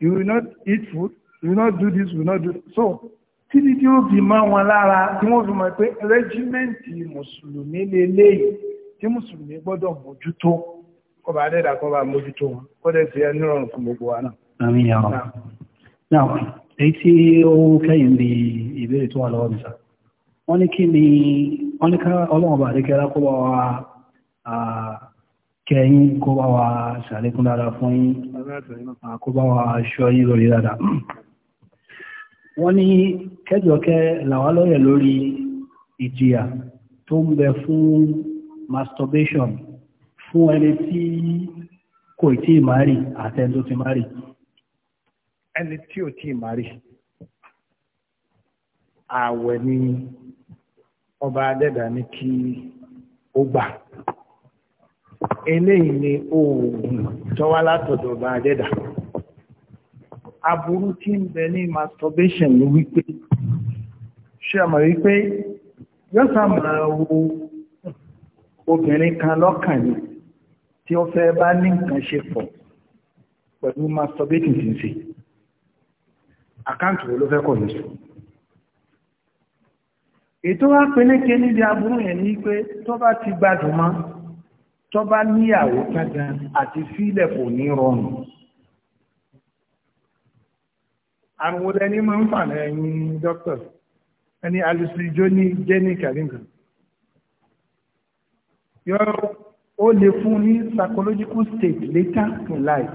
Speaker 1: you will not eat food you will not do this you will not do that. so títí tí ó fi mọ́ wọn lára tí wọ́n fi mọ̀ pé rẹ́gímẹ́ǹtì mùsùlùmí lélẹ́yìí tí mùsùlùmí gbọ́dọ̀ mójútó kọba adẹ́dà kọba mójútó wọn kọ́dẹ̀ sí ẹni rọrùn fún gbogbo wa náà. àmì ìyàwó náà èyí tí ó kẹ́yìn bí ìbéèrè tó wà lọ́wọ́ mi sá wọ́n ní kí ni wọ́n ní ká ọlọ́run bá dékẹ́lá kó bá wa kẹyìn kó bá wa ṣàlékún dáadáa fún yín kó bá wa ṣọ́ yín lórí dáadáa wọ́n ní kẹ́jọkẹ́ làwa lọ́yẹ̀ lórí ìjìyà tó ń bẹ fún masturbation fún ẹni tí kò tí ì máa rí àtẹni tó ti máa ẹni tí ò tí ì máa rí ni ọba adẹ́dà ní kí ó gbà eléyìí ni oògùn tọ́wá látọ̀dọ̀ ọba adẹ́dà aburú tí ń bẹ ní masturbation ni wípé ṣé àmọ̀ wípé yọ́sà máa wo obìnrin kan lọ́kàn ni tí ó fẹ́ bá ní nǹkan ṣe pọ̀ pẹ̀lú masturbating tí ń ṣe àkáǹtì wo ló fẹ́ kọ̀ lóṣù ètò wá peléke níbi aburú yẹn ní pé tó bá ti gbádùn mọ́ tó bá níyàwó kága àti fílẹ̀ kò ní rọrùn àrùn wo lẹni máa ń fà lẹ́yìn dókítà ẹni alùsùjó ní jẹ́ni kàríǹkà yọ ó lè fún ní psychological state later in life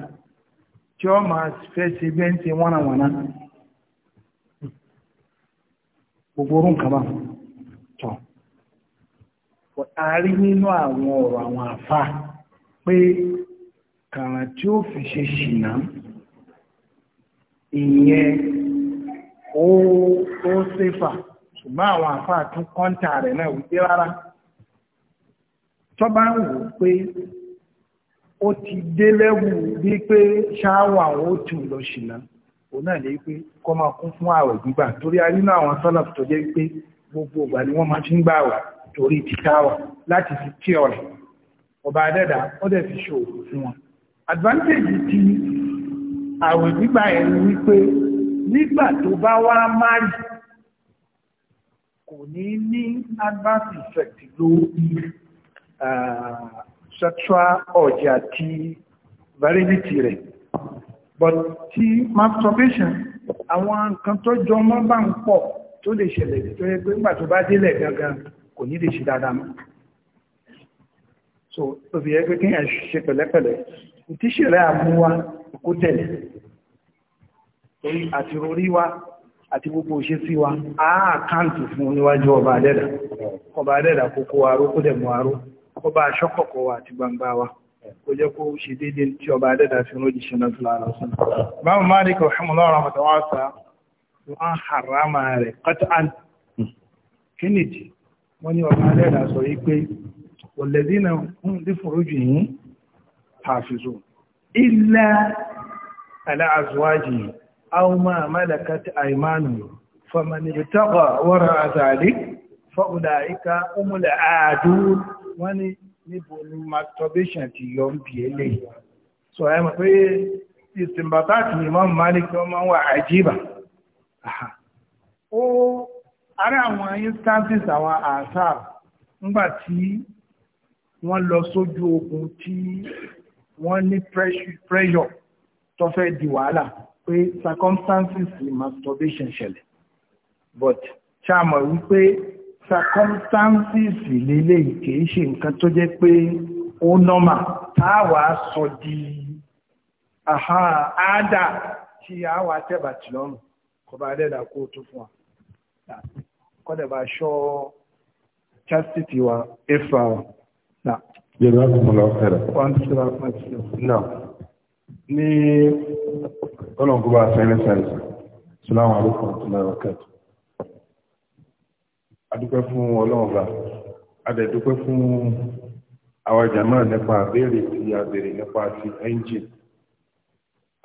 Speaker 1: tí ó máa fẹ́ ṣe bẹ́ẹ̀ ń ṣe wọ́nàwọ́nà gbogbo orún kan máa tọ̀. a rí nínú àwọn ọ̀rọ̀ àwọn àfà pé kàrà tí ó fi ṣe ṣìnà ìyẹn ó ṣèfà ṣùgbọ́n àwọn àfà tún kọ́ńtà rẹ̀ náà wípé rárá tó bá ń wò pé ó ti dé lẹ́wù pé ṣááwà ó tù lọ ṣìnà òun náà lè pé kọ́ máa kún fún ààwẹ̀ gbígbà torí a rí náà àwọn sọ́lọ̀pù tó jẹ́ pé gbogbo ìgbà ni wọ́n máa ti ń gbà wà torí títà wà láti fi tí ọ̀rẹ́ ọba adẹ́dà ó dẹ̀ fi ṣòwò fún wọn. advantage ti ààwẹ̀ gbígbà yẹn ni wípé nígbà tó bá wá márì kò ní ní adverse effect lórí ah, sexual urge àti virility rẹ̀ but ti masturbation àwọn nǹkan tó jọ mọ́ bá ń pọ̀ tó lè ṣẹlẹ̀ tó yẹ pé nígbà tó bá délẹ̀ gangan kò ní lè ṣe dáadáa mọ́ so ó fi yẹ pé kí èèyàn ṣe pẹ̀lẹ́pẹ̀lẹ́ tí ṣẹlẹ̀ àmúwa kó tẹ̀lé àti rorí wa àti gbogbo òṣè sí wa àákáǹtì fún níwájú ọba adẹ́dà ọba adẹ́dà kókó aró kó dẹ̀ mọ́ aró ọba aṣọ́kọ̀kọ̀ wa àti gbangba wa kó jẹ́ kó ṣe déédéé tí ọba adẹ́dà fi rọ́jì ṣe náà fúlà rẹ̀ sọ́nà. báwo máa ní kọ̀ọ̀hún lọ́rọ̀ mọ̀tàwọ́sà wọ́n harama rẹ̀ kọ́tán kínìtì wọ́n ní ọba adẹ́dà sọ yí pé wọ̀lẹ́dí náà ń dí fòrójì yìí hafizu illa ala azwaji aw ma malakat aymanuhum wọ́n níbo ni masturbation ti yọ ń bí eléyìí so ẹ mọ̀ pé ìsìnbàtàkì Imam Malik wọ́n máa ń wà àjíbà ó ara àwọn instances àwọn àṣàr ńgbà tí wọ́n lọ sójú ogun tí wọ́n ní pressure tó fẹ́ di wàhálà pé circumstances masturbation ṣẹlẹ̀ but ṣáà mọ̀ wípé circumstances lélẹ̀ kìí ṣe nǹkan tó jẹ́ pé ó nọ́mà táàwà sọ di àádà tí a wà tẹ́bà tí lọ́rùn kọba adẹ́dà kó tó fún wa kọ́dẹ̀bà ṣọ́ chastity wa efa wa náà jẹ́rọ kọmọlọ fẹ́rẹ̀ náà ní ọlọ́gbọ́gbà fẹ́rẹ́ fẹ́rẹ́ sọ́láwọ́ àrùkọ̀ tó lọ́wọ́ kẹtù adúpẹ́ fún ọlọ́run bá adẹ̀dúpẹ́ fún àwọn jàmá nípa àbẹ́rẹ́ ti àbẹ̀rẹ̀ nípa ti ẹ́ńjìn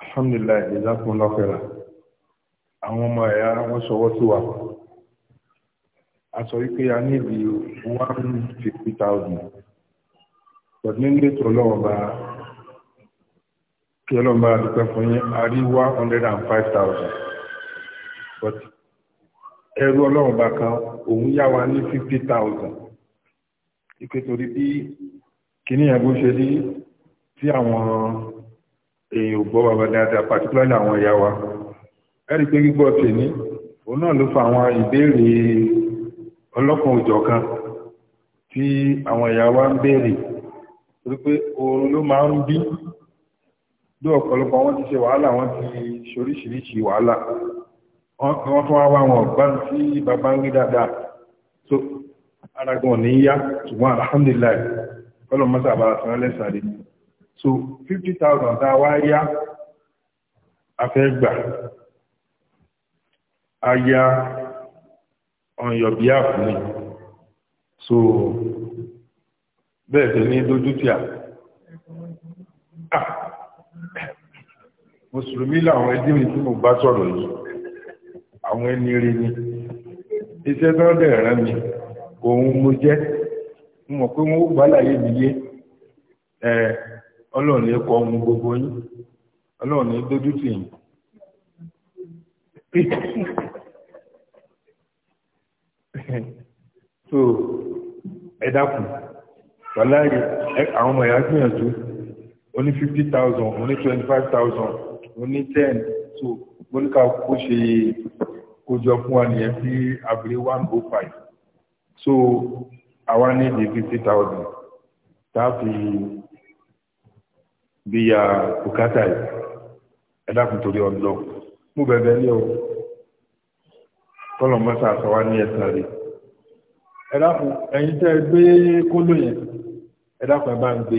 Speaker 1: alhamdulillah ìdílákùn lọ́fẹ̀ẹ́ra àwọn ọmọ ẹ̀yà wọ́n sọwọ́ sí wa a sọ wípé a ní ibi one fifty thousand but nínú ètò ọlọ́run bá kí ọlọ́run bá dúpẹ́ fún yín a rí one hundred and five thousand but ẹrú ọlọ́run bá kan òun yá wa ní fifty thousand ike torí bí kíní yẹn bó ṣe rí tí àwọn èèyàn ò gbọ́ bàbá dáadáa particularly àwọn ìyá wa ẹ̀rí pé gbígbọ́ tèmi òun náà ló fa àwọn ìbéèrè ọlọ́kan òjọ̀kan tí àwọn ìyá wa ń béèrè torí pé oorun ló máa ń bí bí ọ̀pọ̀lọpọ̀ wọn ti ṣe wàhálà wọn ti ṣoríṣiríṣi wàhálà wọ́n tó wá wá wọn bá sí bàbá ń rí dáadáa tó aragun ní yá ṣùgbọ́n alhamdulillah kọ́lọ̀ mọ́sà bá sàn lẹ́sàrí so 50,000 tá wá yá afẹ́ a yá on your behalf ni so bẹ́ẹ̀ tẹ̀ ní dójú tí a ah, mùsùlùmí làwọn ẹdí mi tí mo bá sọ̀rọ̀ yìí àwọn ẹni rí ni iṣẹ́ tó dẹ̀ rán mi òun mo jẹ́ mo mọ̀ pé wọ́n ó gbàlàyé mi yé ẹ ọlọ́run lè kọ ohun gbogbo yín ọlọ́run lè dójú tì yín. so ẹ dákun wàláyé àwọn ọmọ ìyá gbìyànjú oní fifty thousand oní twenty five thousand oní ten so mo ní ká kó ṣe ó jọ fún wa nìyẹn sí abúlé one oh five so àwa ní di fifty thousand tá a fi bíyà bùkátà yìí ẹ dákun torí ọlọ mú bẹ̀bẹ̀ ní o kọlọ̀ mọ́sá sọ wá ní ẹ̀sán rẹ̀ ẹ dákun ẹ̀yin tẹ́ ẹ gbé kóló yẹn ẹ dákun ẹ bá ń gbé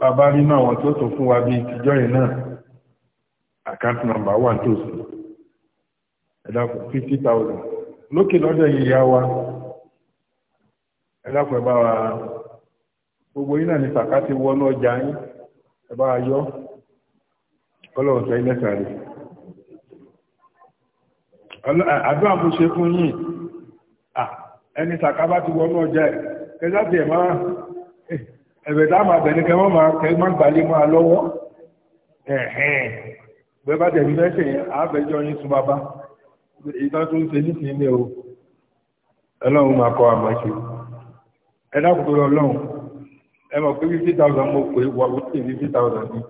Speaker 1: bàbá nínú àwọn tó tún fún wa bíi tìjọ́ yẹn náà àkáǹtì nọ́mbà wà nítòsí ẹ̀dàkùn fifty thousand lókè lọ́dọ̀ yìí yá wa ẹ̀dàkùn ẹ̀ bá wa gbogbo yìí náà ní sàkátì wọnú ọjà yín ẹ̀ bá wa yọ ọlọ́run sọ ilẹ̀ sàrè àdúrà mo ṣe fún yín ẹni sàká bá ti wọnú ọjà ẹ̀ kẹsàtì ẹ̀ máa ẹ̀bẹ̀ tá a máa bẹ̀rẹ̀ kẹ́ wọ́n máa kẹ́ máa gbalẹ̀ máa lọ́wọ́ ẹ̀hẹ́n bẹ́ẹ̀ bá tẹ̀lé fẹ́ sẹ́yìn àbẹ̀jọ́ yín tún bá bá ìgbà tó ń ṣe nísìn ilé o ọlọ́run máa kọ àmọ́ṣe ẹ dákòtò ọlọ́run ẹ mọ̀ pé fifty thousand mo pè wà ó sì fifty thousand ni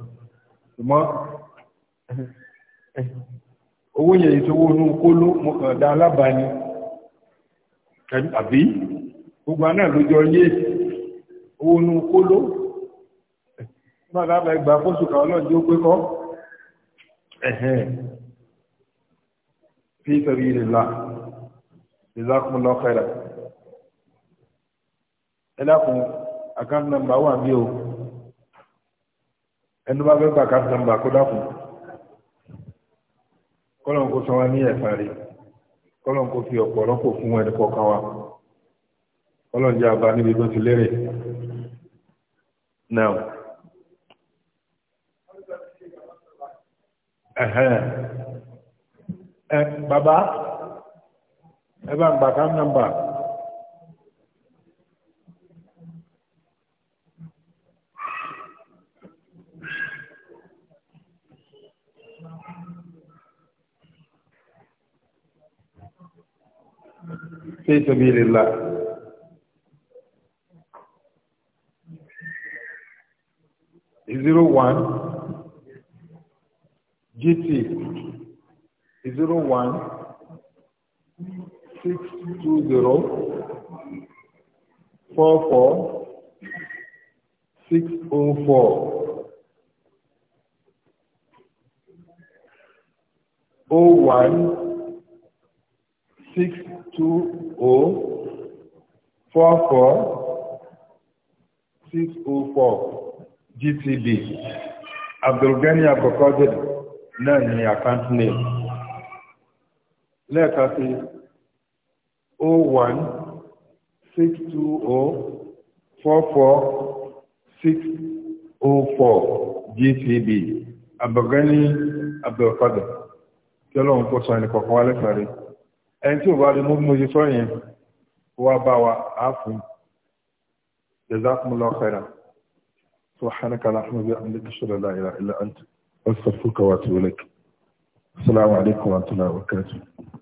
Speaker 1: ṣùgbọ́n owó yẹn ìṣòwò inú kóló mo kàn dá alábàání àbí gbogbo àná lójọ yé owó inú kóló nígbà tá a bá gba fóṣù kan ọlọ́run tí ó pé kọ́ fi sabilillah jazakumullahu khairan ẹ dákun àkáǹtì nàmbà wà bí o ẹni bá fẹ́ gba àkáǹtì nàmbà kó dákun kọ́lọ̀ kó sanwó ní ẹ̀fà rí kọ́lọ̀ kó fi ọ̀pọ̀ rọ́pò e ẹni kọ̀ọ̀kan wa kọ́lọ̀ jẹ́ àbá níbi tó ti lérè náà ẹ bàbá ẹ bá ń gbà ká nọ́mbà. في zero one GT zero one six two zero four four six oh four. Oh one six two oh four four six oh four GTB Abdulgani Abdulkadir náà ni account name lẹ́ẹ̀kan sí o oh one six two o oh, four four six o oh four GCB Abdulgani Abdulkadir kí ọlọ́run kó sọ ẹni kọ̀ọ̀kan wá lẹ́sàrí ẹni tí ò bá rí mú mú yí sọ yẹn wá bá wa á fún jazakumullahu khairan subhanaka allahumma wa bihamdika ashhadu an la ilaha illa anta astaghfiruka wa atubu ilayk Assalamu alaikum wa rahmatullahi wa